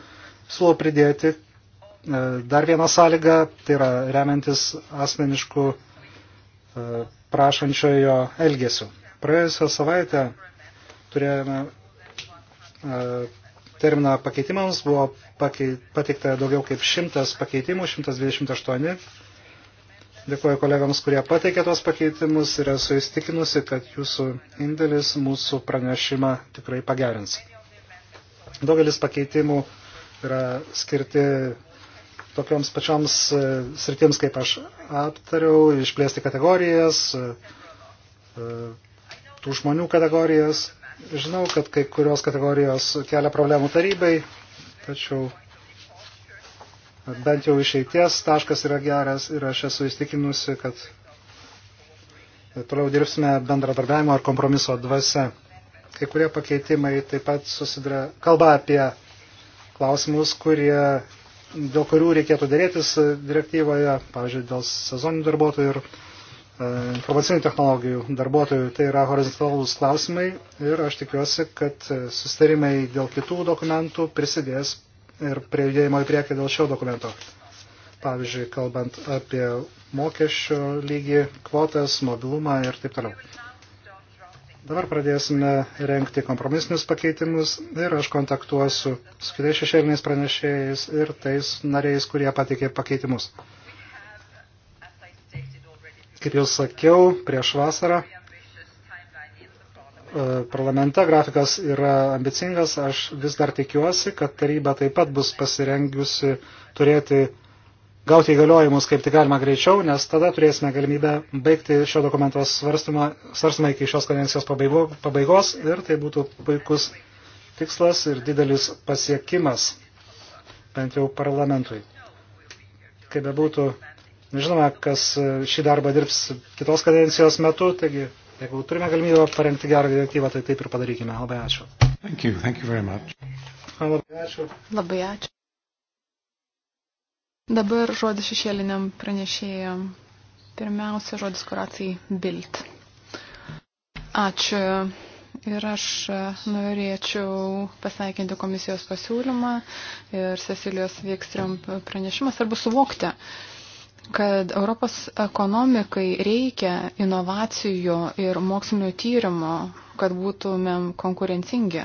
siūlau pridėti e, dar vieną sąlygą, tai yra remiantis asmeniškų e, prašančiojo elgesių. Praėjusią savaitę turėjome terminą pakeitimams, buvo pateikta daugiau kaip 100 pakeitimų, 128 Dėkuoju kolegams, kurie pateikė tos pakeitimus ir esu įstikinusi, kad jūsų indėlis mūsų pranešimą tikrai pagerins. Daugelis pakeitimų yra skirti tokioms pačioms e, sritims, kaip aš aptariau, išplėsti kategorijas, e, e, tų žmonių kategorijas. Žinau, kad kai kurios kategorijos kelia problemų tarybai, tačiau bent jau išeities taškas yra geras ir aš esu įstikinusi, kad toliau dirbsime bendradarbiavimo ar kompromiso dvasia. Kai kurie pakeitimai taip pat susidra, kalba apie klausimus, kurie, dėl kurių reikėtų dėrėtis direktyvoje, pavyzdžiui, dėl sezoninių darbuotojų ir e, informacinių technologijų darbuotojų. Tai yra horizontalūs klausimai ir aš tikiuosi, kad sustarimai dėl kitų dokumentų prisidės ir prie judėjimo į priekį dėl šio dokumento. Pavyzdžiui, kalbant apie mokesčio lygį, kvotas, mobilumą ir taip toliau. Dabar pradėsime renkti kompromisinius pakeitimus ir aš kontaktuosiu su kitais šešėliniais pranešėjais ir tais nariais, kurie patikė pakeitimus. Kaip jau sakiau, prieš vasarą E, parlamente grafikas yra ambicingas, aš vis dar tikiuosi, kad taryba taip pat bus pasirengusi turėti, gauti įgaliojimus kaip tik galima greičiau, nes tada turėsime galimybę baigti šio dokumento svarstymą, svarstymą iki šios kadencijos pabaigos ir tai būtų puikus tikslas ir didelis pasiekimas bent jau parlamentui. Kaip bebūtų, nežinome, kas šį darbą dirbs kitos kadencijos metu, taigi Jeigu turime galimybę parengti gerą direktyvą, tai taip ir padarykime. Labai ačiū. Thank you. Thank you very much. Labai ačiū. Labai ačiū. Dabar žodis šešėliniam pranešėjam. Pirmiausia, žodis kuracijai Bilt. Ačiū. Ir aš norėčiau pasveikinti komisijos pasiūlymą ir Cecilijos Vėkstriom pranešimą. Svarbu suvokti, kad Europos ekonomikai reikia inovacijų ir mokslinio tyrimo, kad būtumėm konkurencingi.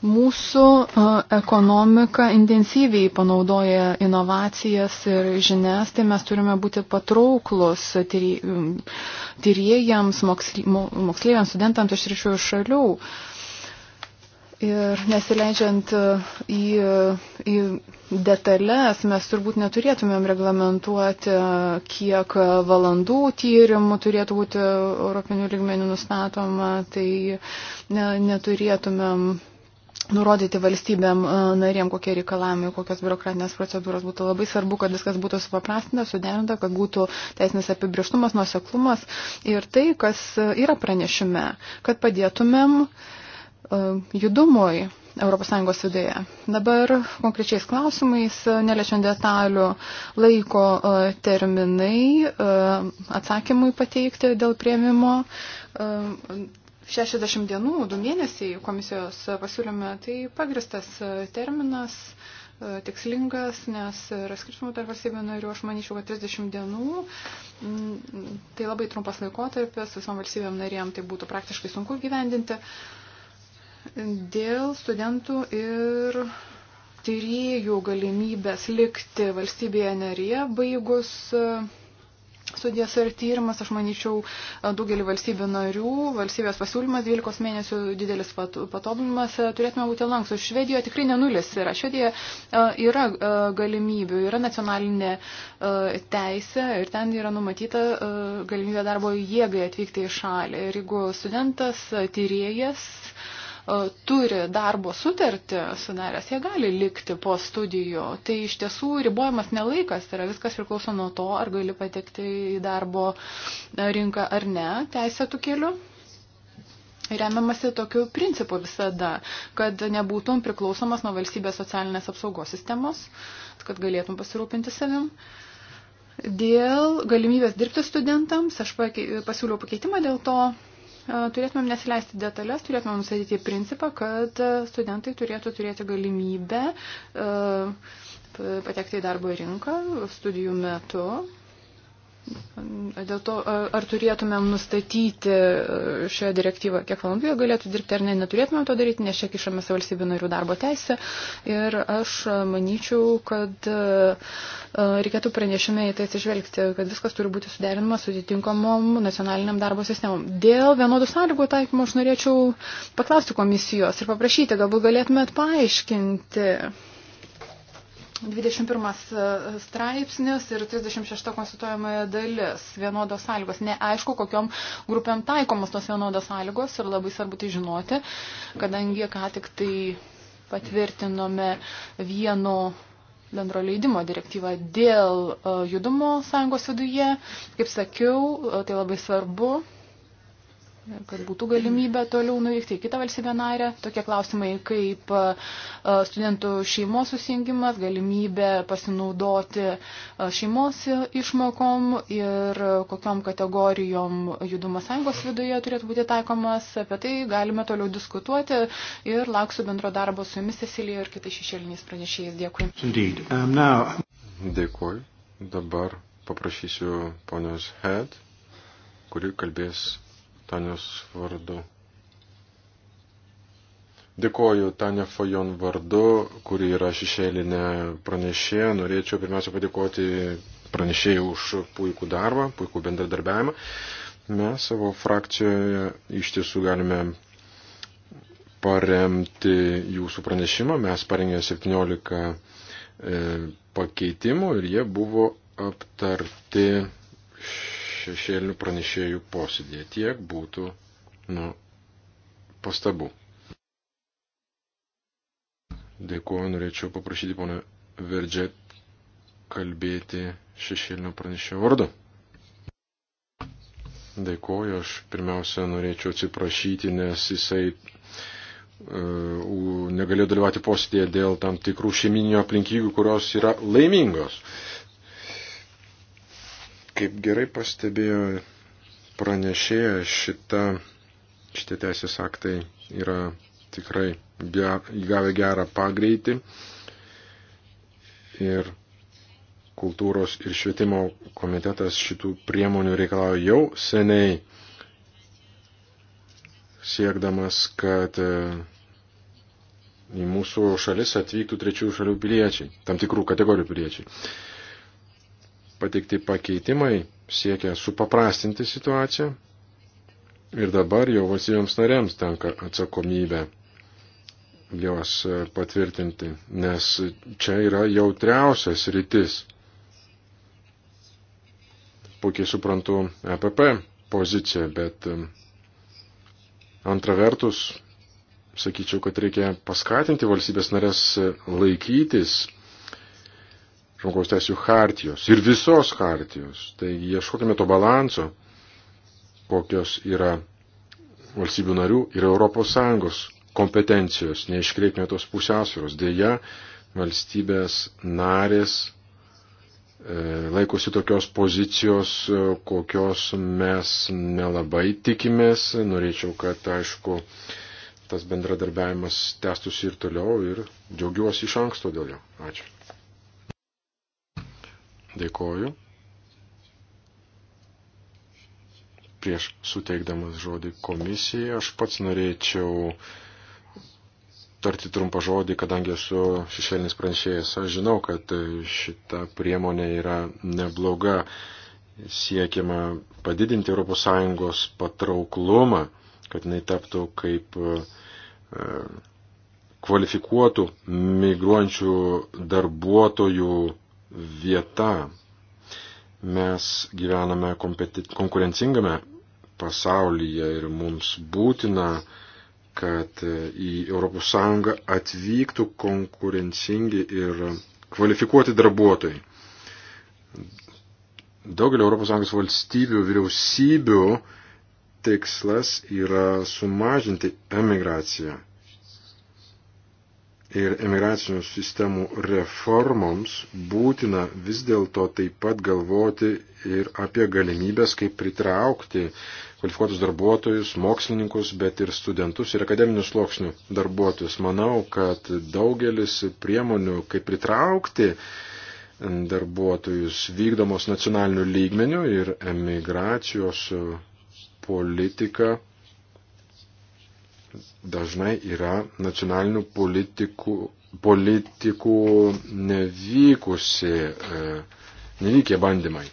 Mūsų e, ekonomika intensyviai panaudoja inovacijas ir žinias, tai mes turime būti patrauklus tyriejams, moksleiviams, studentams iš ryšių šalių. Ir nesileidžiant e, į, į detalės, mes turbūt neturėtumėm reglamentuoti, kiek valandų tyrimų turėtų būti Europinių lygmenių nustatoma, tai ne, neturėtumėm nurodyti valstybėm e, narėm, kokie reikalavimai, kokios biurokratinės procedūros būtų labai svarbu, kad viskas būtų supaprastinta, suderinta, kad būtų teisinis apibrieštumas, nuoseklumas ir tai, kas yra pranešime, kad padėtumėm uh, E, judumui ES viduje. Dabar konkrečiais klausimais, e, neliečiant detalių, laiko e, terminai atsakymui pateikti dėl prieimimo. 60 dienų, 2 mėnesiai komisijos pasiūlyme, tai pagristas terminas, tikslingas, nes yra skirtumų tarp valstybių narių, aš manyčiau, kad 30 dienų, mm, tai labai trumpas laikotarpis, visom valstybėm narėm tai būtų praktiškai sunku gyvendinti. Uh, dėl studentų ir tyriejų galimybės likti valstybėje narėje baigus e, studijas ir tyrimas, aš manyčiau, e, daugelį valstybių narių, valstybės pasiūlymas 12 mėnesių didelis patobinimas, e, turėtume būti lankstus. Švedijoje tikrai nenulis yra. Švedijoje yra galimybių, yra nacionalinė teisė ir ten yra numatyta galimybė darbo jėgai atvykti į šalį. Ir jeigu studentas tyrėjas, E, turi darbo sutartį sudaręs, jie gali likti po studijų. Tai iš tiesų ribojamas nelaikas tai yra, viskas priklauso nuo to, ar gali patekti į darbo e, rinką ar ne teisėtų keliu. Remiamasi tokiu principu visada, kad nebūtum priklausomas nuo valstybės socialinės apsaugos sistemos, kad galėtum pasirūpinti savim. Dėl galimybės dirbti studentams aš pasiūliau pakeitimą dėl to, turėtumėm nesileisti detalės, turėtumėm nustatyti principą, kad studentai turėtų turėti galimybę patekti į darbo rinką studijų metu Dėl to, ar turėtumėm nustatyti šioje direktyvoje, kiek valandų jie galėtų dirbti, ar ne, neturėtumėm to daryti, nes čia kišamės valstybių narių darbo teisę. Ir aš manyčiau, kad reikėtų pranešime į tai atsižvelgti, kad viskas turi būti suderinama su atitinkamom nacionaliniam darbo sistemom. Dėl vienodų sąlygų taikymo aš norėčiau paklausti komisijos ir paprašyti, galbūt galėtumėt paaiškinti 21 e, straipsnis ir 36 konstituojamoje dalis vienodos sąlygos. Neaišku, kokiom grupėm taikomos tos vienodos sąlygos ir labai svarbu tai žinoti, kadangi ką tik tai patvirtinome vieno bendro leidimo direktyvą dėl e, judumo sąjungos viduje. Kaip sakiau, e, tai labai svarbu kad būtų galimybė toliau nuvykti į kitą valstybę narę. Tokie klausimai kaip e, studentų šeimos susijungimas, galimybė pasinaudoti e, šeimos išmokom ir kokiom kategorijom judumas sąjungos viduje turėtų būti taikomas. Apie tai galime toliau diskutuoti ir lauksiu bendro darbo su jumis, Cecilija, ir kitais šešėliniais pranešėjais. Dėkui. Um, now... Um, Dėkui. Dabar paprašysiu ponios Head, kuri kalbės Tanios vardu. Dėkoju Tane Fajon vardu, kuri yra šešėlinė pranešė. Norėčiau pirmiausia padėkoti pranešėjai už puikų darbą, puikų bendradarbiavimą. Mes savo frakcijoje iš tiesų galime paremti jūsų pranešimą. Mes parengėme 17 e, pakeitimų ir jie buvo aptarti. Š šešėlinių pranešėjų posėdėje. Tiek būtų nu, pastabų. Dėkuoju, norėčiau paprašyti poną Verdžę kalbėti šešėlinio pranešėjo vardu. Dėkuoju, aš pirmiausia norėčiau atsiprašyti, nes jisai e, negalėjo dalyvauti posėdėje dėl tam tikrų šeiminio aplinkybių, kurios yra laimingos. Kaip gerai pastebėjo pranešėja, šita, šitie teisės aktai yra tikrai įgavę gerą pagreitį ir kultūros ir švietimo komitetas šitų priemonių reikalauja jau seniai, siekdamas, kad e, į mūsų šalis atvyktų trečiųjų šalių piliečiai, tam tikrų kategorijų piliečiai. Pateikti pakeitimai siekia supaprastinti situaciją ir dabar jau valstybėms narėms tenka atsakomybė jos e, patvirtinti, nes čia yra jautriausias rytis. Puikiai suprantu EPP poziciją, bet e, antra vertus, sakyčiau, kad reikia paskatinti valstybės narės laikytis žmogaus teisų hartijos ir visos hartijos. Taigi ieškokime to balanso, kokios yra valstybių narių ir Europos Sąjungos kompetencijos, neiškreipime tos pusiausvėros. Deja, valstybės narės e, laikosi tokios pozicijos, e, kokios mes nelabai tikimės. Norėčiau, kad, aišku, tas bendradarbiavimas tęstųsi ir toliau ir džiaugiuosi iš anksto dėl jo. Ačiū. Dėkoju. Prieš suteikdamas žodį komisijai, aš pats norėčiau tarti trumpą žodį, kadangi esu šešėlinis pranešėjas. Aš žinau, kad šita priemonė yra nebloga, siekiama padidinti ES patrauklumą, kad jinai taptų kaip e, kvalifikuotų migruojančių darbuotojų vieta. Mes gyvename konkurencingame pasaulyje ir mums būtina, kad į ES atvyktų konkurencingi ir kvalifikuoti darbuotojai. Daugelio ES valstybių vyriausybių tikslas yra sumažinti emigraciją ir emigracinių sistemų reformoms būtina vis dėlto taip pat galvoti ir apie galimybės, kaip pritraukti kvalifikuotus darbuotojus, mokslininkus, bet ir studentus ir akademinius sluoksnių darbuotojus. Manau, kad daugelis priemonių, kaip pritraukti darbuotojus, vykdomos nacionaliniu lygmeniu ir emigracijos politika dažnai yra nacionalinių politikų, politikų nevykusi, e, nevykė bandymai.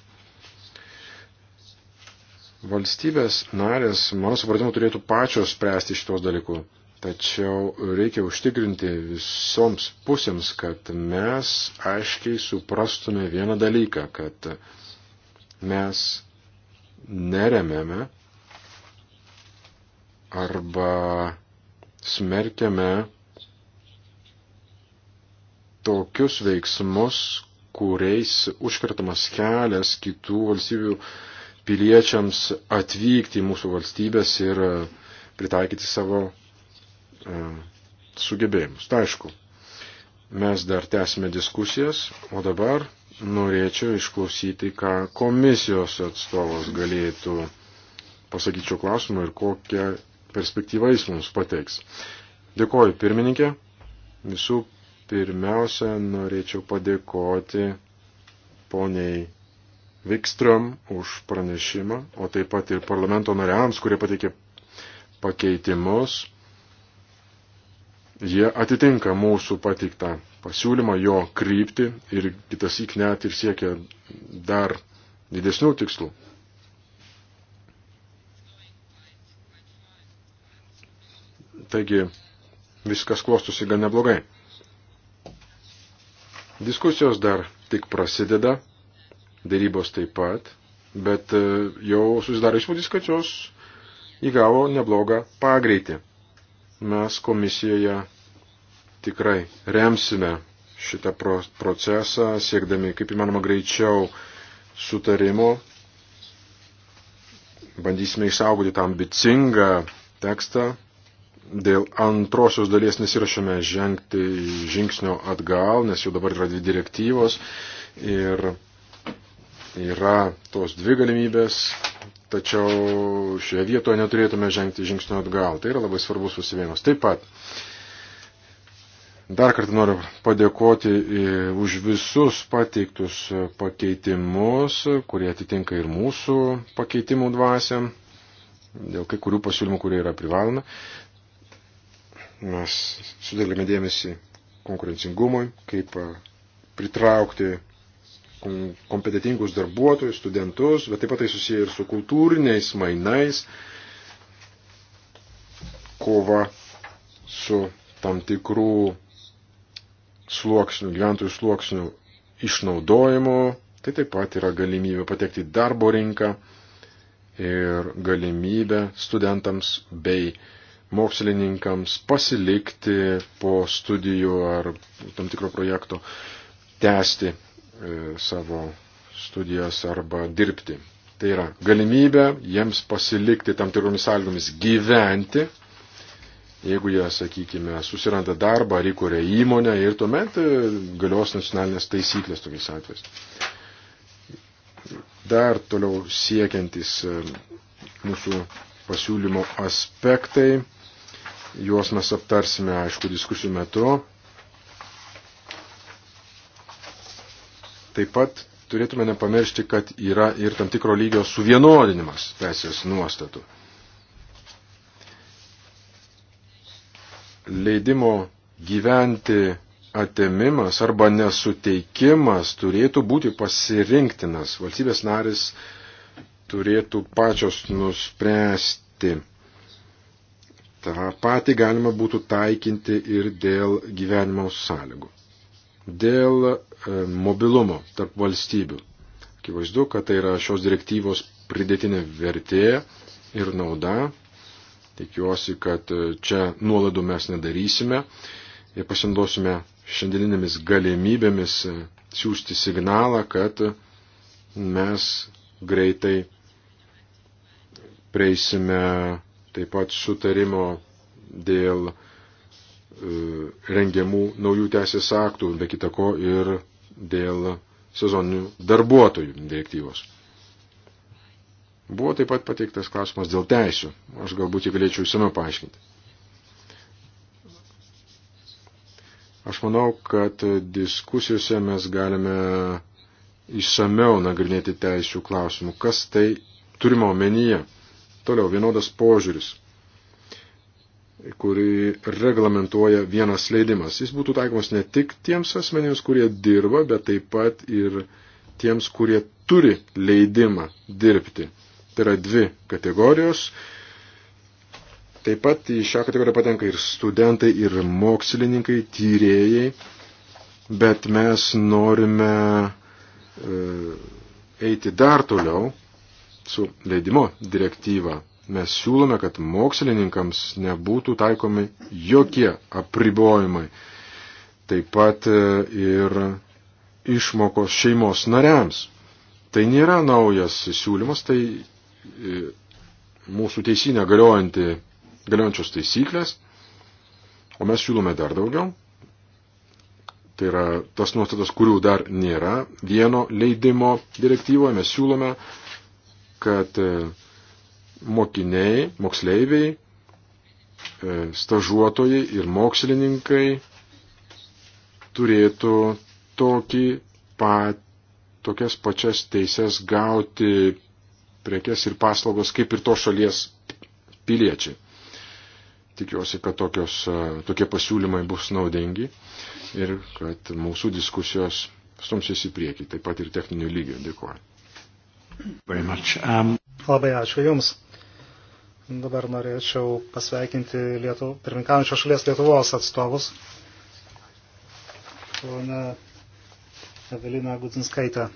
Valstybės narės, mano supratimu, turėtų pačios spręsti šitos dalykus. Tačiau reikia užtikrinti visoms pusėms, kad mes aiškiai suprastume vieną dalyką, kad mes neremėme arba smerkiame tokius veiksmus, kuriais užkirtamas kelias kitų valstybių piliečiams atvykti į mūsų valstybės ir e, pritaikyti savo e, sugebėjimus. Tai aišku, mes dar tęsime diskusijas, o dabar norėčiau išklausyti, ką komisijos atstovas galėtų pasakyti šio klausimu ir kokią perspektyvą jis mums pateiks. Dėkoju pirmininkė. Visų pirmiausia, norėčiau padėkoti poniai Vikstrom už pranešimą, o taip pat ir parlamento nariams, kurie pateikė pakeitimus. Jie atitinka mūsų patiktą pasiūlymą, jo kryptį ir kitas įk net ir siekia dar didesnių tikslų. Taigi viskas klostosi gan neblogai. Diskusijos dar tik prasideda, dėrybos taip pat, bet e, jau susidaro įspūdis, kad jos įgavo neblogą pagreitį. Mes komisijoje tikrai remsime šitą procesą, siekdami kaip įmanoma greičiau sutarimo. Bandysime išsaugoti tą ambicingą tekstą, Dėl antrosios dalies nesirašėme žengti žingsnio atgal, nes jau dabar yra dvi direktyvos ir yra tos dvi galimybės, tačiau šioje vietoje neturėtume žengti žingsnio atgal. Tai yra labai svarbus susivienos. Taip pat dar kartą noriu padėkoti e, už visus pateiktus pakeitimus, kurie atitinka ir mūsų pakeitimų dvasiam dėl kai kurių pasiūlymų, kurie yra privaloma. Mes sudėlėme dėmesį konkurencingumui, kaip e, pritraukti kompetitingus darbuotojus, studentus, bet taip pat tai susiję ir su kultūriniais mainais, kova su tam tikrų sluoksnių, gyventojų sluoksnių išnaudojimu, tai taip pat yra galimybė patekti į darbo rinką ir galimybė studentams bei mokslininkams pasilikti po studijų ar tam tikro projekto, tęsti e, savo studijas arba dirbti. Tai yra galimybė jiems pasilikti tam tikromis sąlygomis gyventi, jeigu jie, sakykime, susiranda darbą ar įkuria įmonę ir tuomet e, galios nacionalinės taisyklės tokiais atvejais. Dar toliau siekiantis e, mūsų pasiūlymo aspektai Juos mes aptarsime, aišku, diskusijų metu. Taip pat turėtume nepamiršti, kad yra ir tam tikro lygio suvienodinimas teisės nuostatų. Leidimo gyventi atėmimas arba nesuteikimas turėtų būti pasirinktinas. Valstybės narys turėtų pačios nuspręsti tą patį galima būtų taikinti ir dėl gyvenimo sąlygų. Dėl e, mobilumo tarp valstybių. Akivaizdu, kad tai yra šios direktyvos pridėtinė vertė ir nauda. Tikiuosi, kad e, čia nuolaidų mes nedarysime ir pasinaudosime šiandieninėmis galimybėmis e, siūsti signalą, kad mes greitai prieisime taip pat sutarimo dėl e, rengiamų naujų teisės aktų, be kitako ir dėl sezoninių darbuotojų direktyvos. Buvo taip pat pateiktas klausimas dėl teisių. Aš galbūt jį galėčiau įsame paaiškinti. Aš manau, kad diskusijose mes galime įsameu nagrinėti teisių klausimų. Kas tai turima omenyje? Toliau, vienodas požiūris, kurį reglamentuoja vienas leidimas. Jis būtų taikomas ne tik tiems asmenėms, kurie dirba, bet taip pat ir tiems, kurie turi leidimą dirbti. Tai yra dvi kategorijos. Taip pat į šią kategoriją patenka ir studentai, ir mokslininkai, tyrėjai, bet mes norime e, eiti dar toliau su leidimo direktyva mes siūlome, kad mokslininkams nebūtų taikomi jokie apribojimai. Taip pat e, ir išmokos šeimos nariams. Tai nėra naujas siūlymas, tai e, mūsų teisinė galiojančios taisyklės, o mes siūlome dar daugiau. Tai yra tas nuostatas, kurių dar nėra vieno leidimo direktyvoje, mes siūlome uh, kad e, mokiniai, moksleiviai, e, stažuotojai ir mokslininkai turėtų tokį pat, tokias pačias teises gauti prekes ir paslaugos kaip ir to šalies piliečiai. Tikiuosi, kad tokios, e, tokie pasiūlymai bus naudingi ir kad mūsų diskusijos stumsis į priekį, taip pat ir techninių lygių. Dėkuoju. Um... Labai ačiū Jums. Dabar norėčiau pasveikinti Lietuv... pirminkaujančios šalies Lietuvos atstovus. Pone Evelina Gudzinskaitė.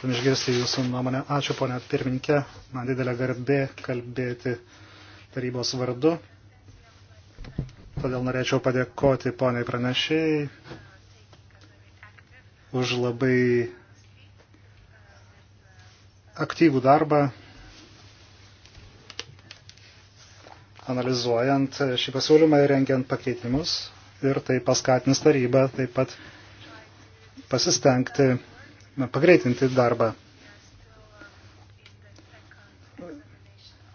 Tam išgirsti Jūsų nuomonę. Ačiū, ponė pirminkė. Man didelė garbė kalbėti tarybos vardu. Todėl norėčiau padėkoti poniai pranešėjai už labai aktyvų darbą analizuojant šį pasiūlymą ir rengiant pakeitimus ir tai paskatins tarybą taip pat pasistengti pagreitinti darbą.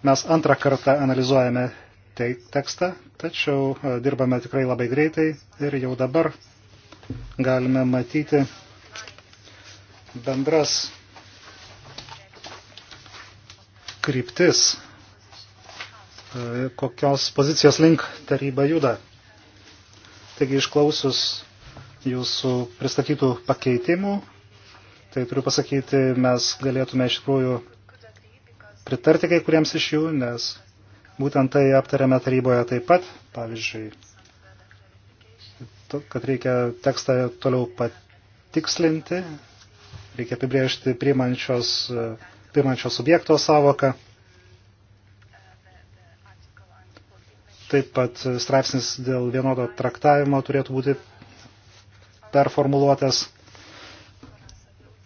Mes antrą kartą analizuojame tekstą, tačiau e, dirbame tikrai labai greitai ir jau dabar galime matyti bendras kryptis, e, kokios pozicijos link taryba juda. Taigi išklausus jūsų pristatytų pakeitimų, tai turiu pasakyti, mes galėtume iš tikrųjų pritarti kai kuriems iš jų, nes būtent tai aptarėme taryboje taip pat, pavyzdžiui, kad reikia tekstą toliau patikslinti, reikia apibriežti priimančios uh, pirmančio subjekto savoką. Taip pat straipsnis dėl vienodo traktavimo turėtų būti performuluotas.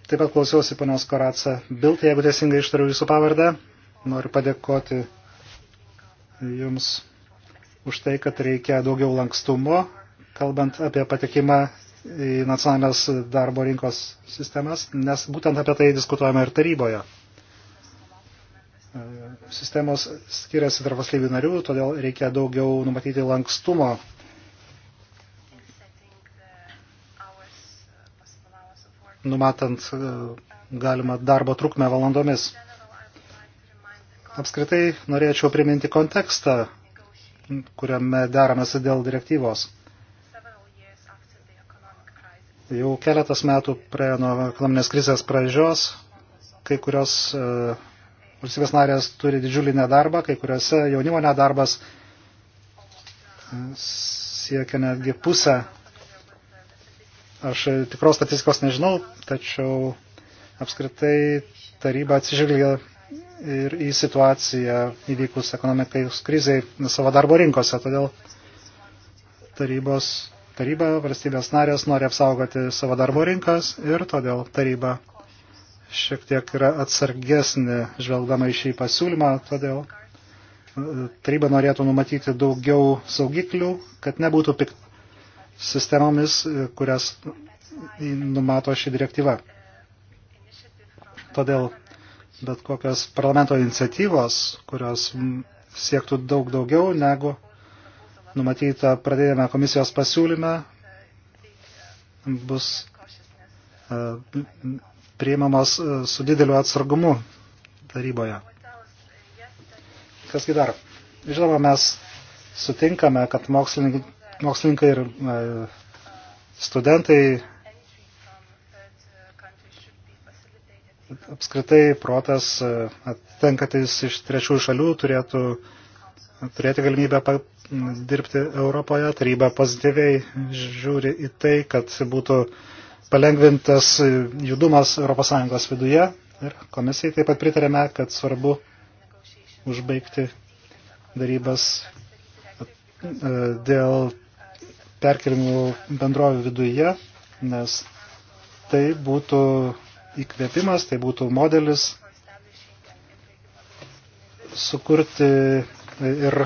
Taip pat klausiausi ponios Koratsa Bilt, jeigu teisingai ištariu jūsų pavardę. Noriu padėkoti jums už tai, kad reikia daugiau lankstumo, kalbant apie patekimą į nacionalinės darbo rinkos sistemas, nes būtent apie tai diskutuojame ir taryboje sistemos skiriasi tarp valstybių narių, todėl reikia daugiau numatyti lankstumo. numatant e, galima darbo trukmę valandomis. Apskritai norėčiau priminti kontekstą, kuriame deramasi dėl direktyvos. Jau keletas metų praėjo nuo ekonominės krizės pradžios, kai kurios uh, valstybės narės turi didžiulį nedarbą, kai kuriuose jaunimo nedarbas e, siekia netgi pusę. Aš e, tikros statistikos nežinau, tačiau apskritai taryba atsižvelgia ir į situaciją įvykus ekonomikai krizai savo darbo rinkose. Todėl tarybos, taryba, valstybės narės nori apsaugoti savo darbo rinkas ir todėl taryba šiek tiek yra atsargesnė žvelgdama į šį pasiūlymą, todėl e, taryba norėtų numatyti daugiau saugiklių, kad nebūtų pik sistemomis, e, kurias numato ši direktyva. Todėl bet kokios parlamento iniciatyvos, kurios siektų daug daugiau negu numatyta pradėjame komisijos pasiūlyme, bus e, priimamos e, su dideliu atsargumu taryboje. Kasgi dar? Žinoma, mes sutinkame, kad mokslininkai ir e, studentai apskritai protas e, tenkatis iš trečiųjų šalių turėtų turėti galimybę dirbti Europoje. Taryba pozityviai žiūri į tai, kad būtų palengvintas judumas ES viduje ir komisijai taip pat pritarėme, kad svarbu užbaigti darybas e, dėl perkelimų bendrovių viduje, nes tai būtų įkvėpimas, tai būtų modelis sukurti ir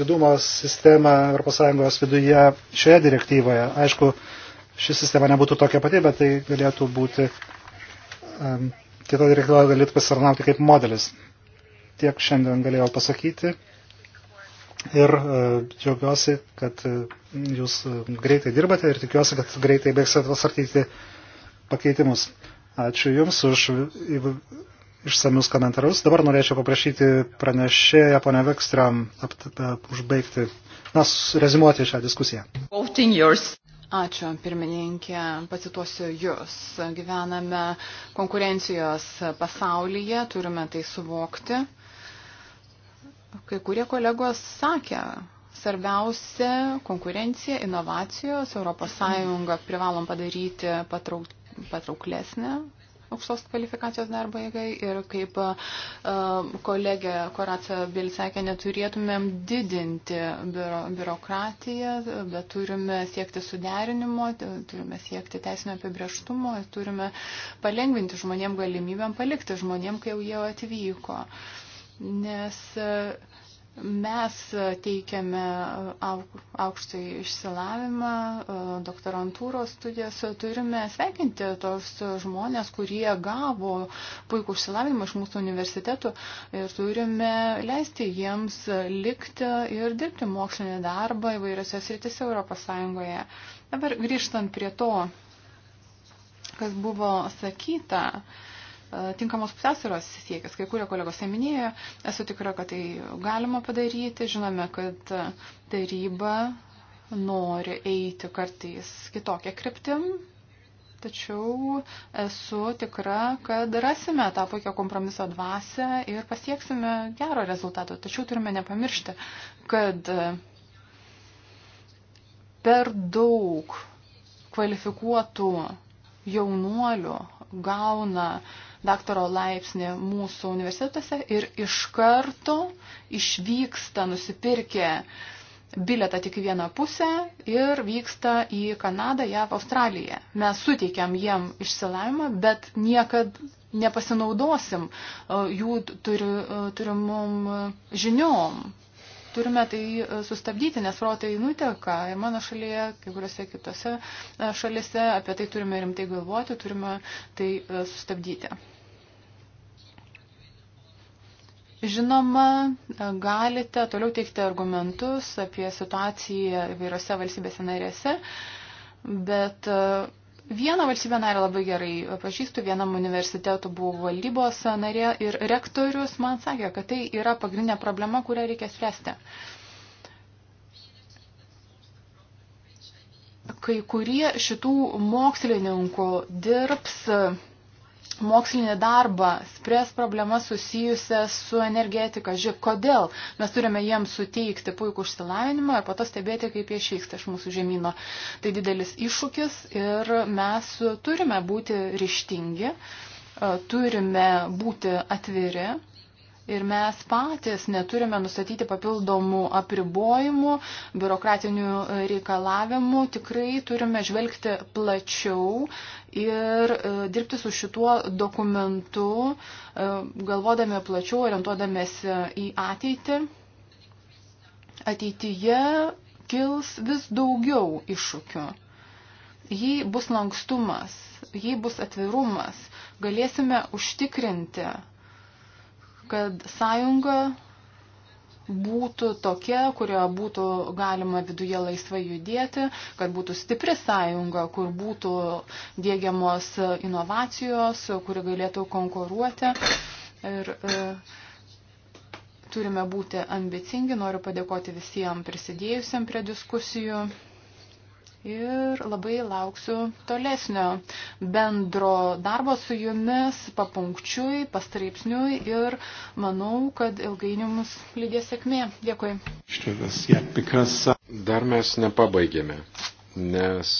judumo sistemą ES viduje šioje direktyvoje. Aišku, ši sistema nebūtų tokia pati, bet tai galėtų būti, um, kita direktyva galėtų pasirnauti kaip modelis. Tiek šiandien galėjau pasakyti ir uh, džiaugiuosi, kad uh, jūs uh, greitai dirbate ir tikiuosi, kad greitai baigsite pasartyti pakeitimus. Ačiū Jums už išsamius komentarus. Dabar norėčiau paprašyti pranešėją ponę Vekstram užbaigti, na, rezimuoti šią diskusiją. Voting yours. Ačiū, pirmininkė, pacituosiu Jūs. Gyvename konkurencijos pasaulyje, turime tai suvokti. Kai kurie kolegos sakė, svarbiausia konkurencija, inovacijos, ES privalom padaryti patrauklesnę, aukštos kvalifikacijos darbo jėgai ir kaip e, kolegė Koracija Bilsekė neturėtumėm didinti biuro, biurokratiją, bet turime siekti suderinimo, turime siekti teisinio apibrieštumo ir turime palengvinti žmonėm galimybėm palikti žmonėm, kai jau jie atvyko. Nes uh, Mes teikiame aukštą išsilavimą, e, doktorantūros studijas, turime sveikinti tos žmonės, kurie gavo puikų išsilavimą iš mūsų universitetų ir turime leisti jiems likti ir dirbti mokslinį darbą įvairiose sritise Europos Sąjungoje. Dabar grįžtant prie to, kas buvo sakyta, uh, tinkamos pusiausvėros siekis. Kai kurie kolegos tai minėjo, esu tikra, kad tai galima padaryti. Žinome, kad taryba nori eiti kartais kitokią kryptim. Tačiau esu tikra, kad rasime tą puikią kompromiso dvasę ir pasieksime gero rezultato. Tačiau turime nepamiršti, kad per daug kvalifikuotų jaunuolių gauna uh, daktaro laipsnį mūsų universitetuose ir iš karto išvyksta nusipirkę biletą tik į vieną pusę ir vyksta į Kanadą, JAV, Australiją. Mes suteikiam jiem išsilavimą, bet niekad nepasinaudosim e, jų turi, e, turimom žiniom turime tai e, sustabdyti, nes protai nuteka ir mano šalyje, kai kuriuose kitose e, šalise, apie tai turime rimtai galvoti, turime tai e, sustabdyti. Žinoma, galite toliau teikti argumentus apie situaciją įvairiose valstybėse narėse, bet uh, Vieną valstybę narę labai gerai pažįstu, vienam universitetu buvau valdybos narė ir rektorius man sakė, kad tai yra pagrindinė problema, kurią reikia spręsti. Kai kurie šitų mokslininkų dirbs mokslinį darbą, spręs problemas susijusias su energetika. Žiūrėk, kodėl mes turime jiems suteikti puikų išsilavinimą ir po to stebėti, kaip jie išvyksta iš mūsų žemynų. Tai didelis iššūkis ir mes turime būti ryštingi, turime būti atviri ir mes patys neturime nustatyti papildomų apribojimų, biurokratinių reikalavimų, tikrai turime žvelgti plačiau ir e, dirbti su šituo dokumentu, e, galvodami plačiau, orientuodamėsi į ateitį. Ateityje kils vis daugiau iššūkių. Jei bus lankstumas, jei bus atvirumas, galėsime užtikrinti kad sąjunga būtų tokia, kurioje būtų galima viduje laisvai judėti, kad būtų stipri sąjunga, kur būtų dėgiamos inovacijos, kuri galėtų konkuruoti. Ir e, turime būti ambicingi. Noriu padėkoti visiems prisidėjusiam prie diskusijų ir labai lauksiu tolesnio bendro darbo su jumis papunkčiui, pastraipsniui ir manau, kad ilgainiui mus lydės sėkmė. Dėkui. Šitas, yeah, because... Dar mes nepabaigėme, nes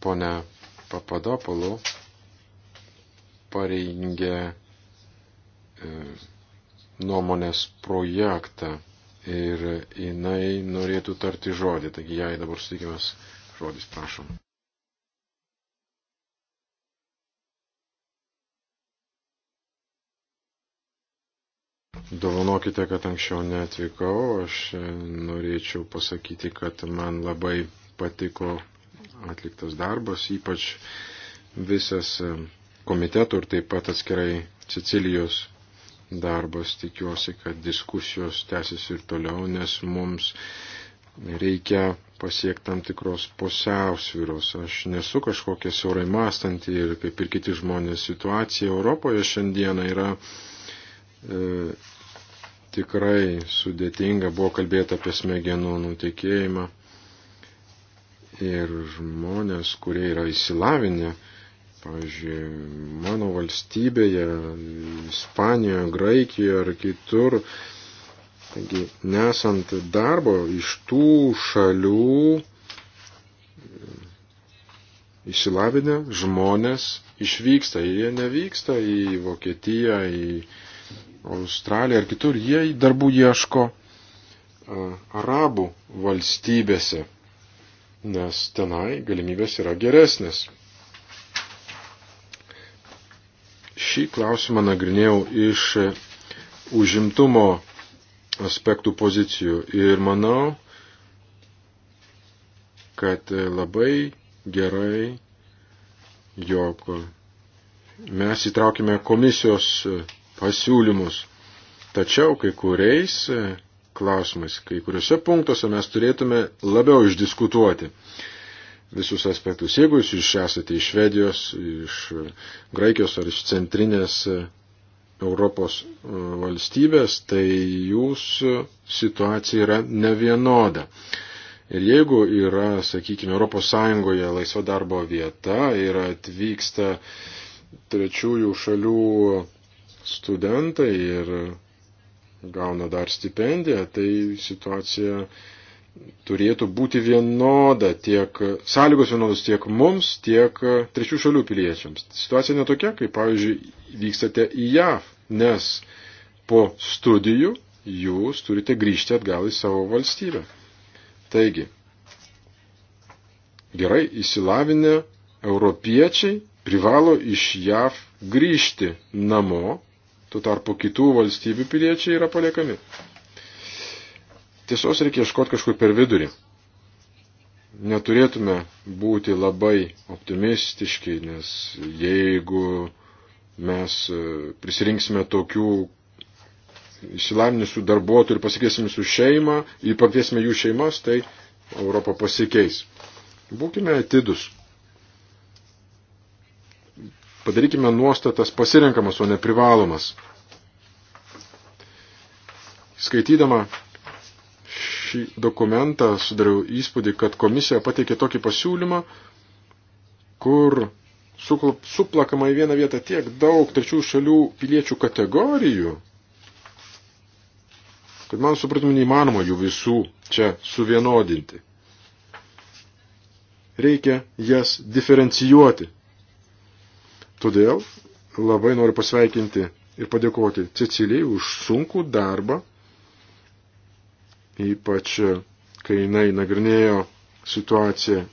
ponia Papadopolų parengė e, nuomonės projektą ir jinai norėtų tarti žodį, taigi jai dabar sutikimas žodis, prašom. Dovanokite, kad anksčiau neatvykau, aš norėčiau pasakyti, kad man labai patiko atliktas darbas, ypač visas komitetų ir taip pat atskirai Sicilijos darbas. Tikiuosi, kad diskusijos tęsis ir toliau, nes mums reikia pasiekti tam tikros pusiausvyros. Aš nesu kažkokia siaurai mąstanti ir kaip ir kiti žmonės situacija Europoje šiandieną yra e, tikrai sudėtinga. Buvo kalbėta apie smegenų nutikėjimą. Ir žmonės, kurie yra įsilavinę, e, Pavyzdžiui, mano valstybėje, Ispanijoje, Graikijoje ar kitur, taigi, nesant darbo iš tų šalių išsilavinę žmonės išvyksta, jie nevyksta į Vokietiją, į Australiją ar kitur, jie darbų ieško arabų valstybėse, nes tenai galimybės yra geresnės. Šį klausimą nagrinėjau iš užimtumo aspektų pozicijų ir manau, kad labai gerai, jog mes įtraukime komisijos pasiūlymus. Tačiau kai kuriais klausimais, kai kuriuose punktuose mes turėtume labiau išdiskutuoti visus aspektus. Jeigu jūs iš esate iš Švedijos, iš e, Graikijos ar iš centrinės e, Europos e, valstybės, tai jūsų situacija yra nevienoda. Ir jeigu yra, sakykime, ES laisva darbo vieta ir atvyksta trečiųjų šalių studentai ir gauna dar stipendiją, tai situacija turėtų būti vienoda tiek sąlygos vienodos tiek mums, tiek e, trečių šalių piliečiams. Situacija netokia, kaip pavyzdžiui, vykstate į JAV, nes po studijų jūs turite grįžti atgal į savo valstybę. Taigi, gerai įsilavinę europiečiai privalo iš JAV grįžti namo, tuo tarpu kitų valstybių piliečiai yra paliekami. Tiesos reikia ieškoti kažkur per vidurį. Neturėtume būti labai optimistiški, nes jeigu mes e, prisirinksime tokių išsilavinusių darbuotojų ir pasikėsim su šeima, įpakviesime jų šeimas, tai Europa pasikeis. Būkime atidus. Padarykime nuostatas pasirenkamas, o ne privalomas. Skaitydama šį dokumentą, sudariau įspūdį, kad komisija pateikė tokį pasiūlymą, kur suplakama į vieną vietą tiek daug trečių šalių piliečių kategorijų, kad man supratimu neįmanoma jų visų čia suvienodinti. Reikia jas diferencijuoti. Todėl labai noriu pasveikinti ir padėkoti Cecilijai už sunkų darbą ypač e, kai jinai nagrinėjo situaciją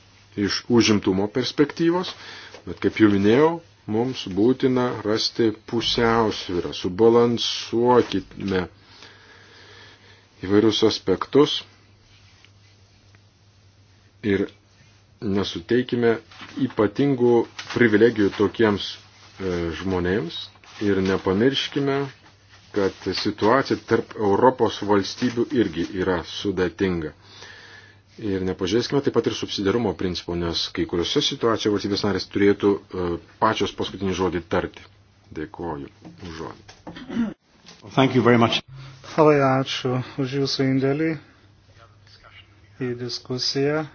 iš užimtumo perspektyvos, bet kaip jau minėjau, mums būtina rasti pusiausvyrą, subalansuokime įvairius aspektus ir nesuteikime ypatingų privilegijų tokiems e, žmonėms ir nepamirškime kad situacija tarp Europos valstybių irgi yra sudėtinga. Ir nepažeiskime taip pat ir subsidiarumo principų, nes kai kuriuose situacijose valstybės narės turėtų e, pačios paskutinį žodį tarti. Dėkuoju už žodį. Labai ačiū už jūsų indėlį į diskusiją.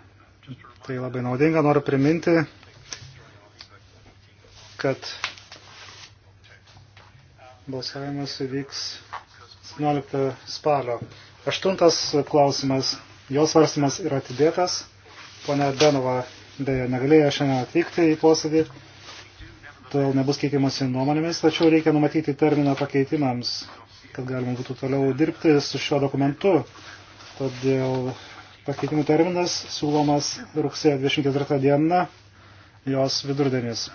Tai labai naudinga. Noriu priminti, kad Balsavimas įvyks 17 spalio. Aštuntas klausimas. Jo svarstymas yra atidėtas. Pone Benova dėja negalėjo šiandien atvykti į posėdį, todėl nebus keitimasi nuomonėmis, tačiau reikia numatyti terminą pakeitimams, kad galima būtų toliau dirbti su šiuo dokumentu. Todėl pakeitimų terminas siūlomas rugsėjo 24 dieną, jos vidurdienis.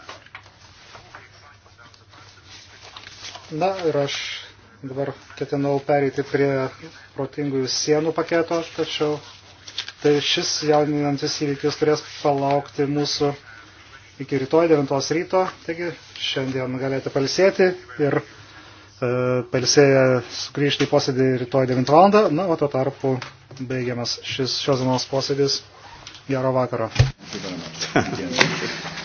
Na ir aš dabar ketinau pereiti prie protingųjų sienų paketo, tačiau tai šis jauninantis įvykis turės palaukti mūsų iki rytoj 9 ryto, taigi šiandien galite palsėti ir e, palsėję sugrįžti į posėdį rytoj 9 val. Na, o tuo tarpu baigiamas šis šios dienos posėdis. Gero vakaro.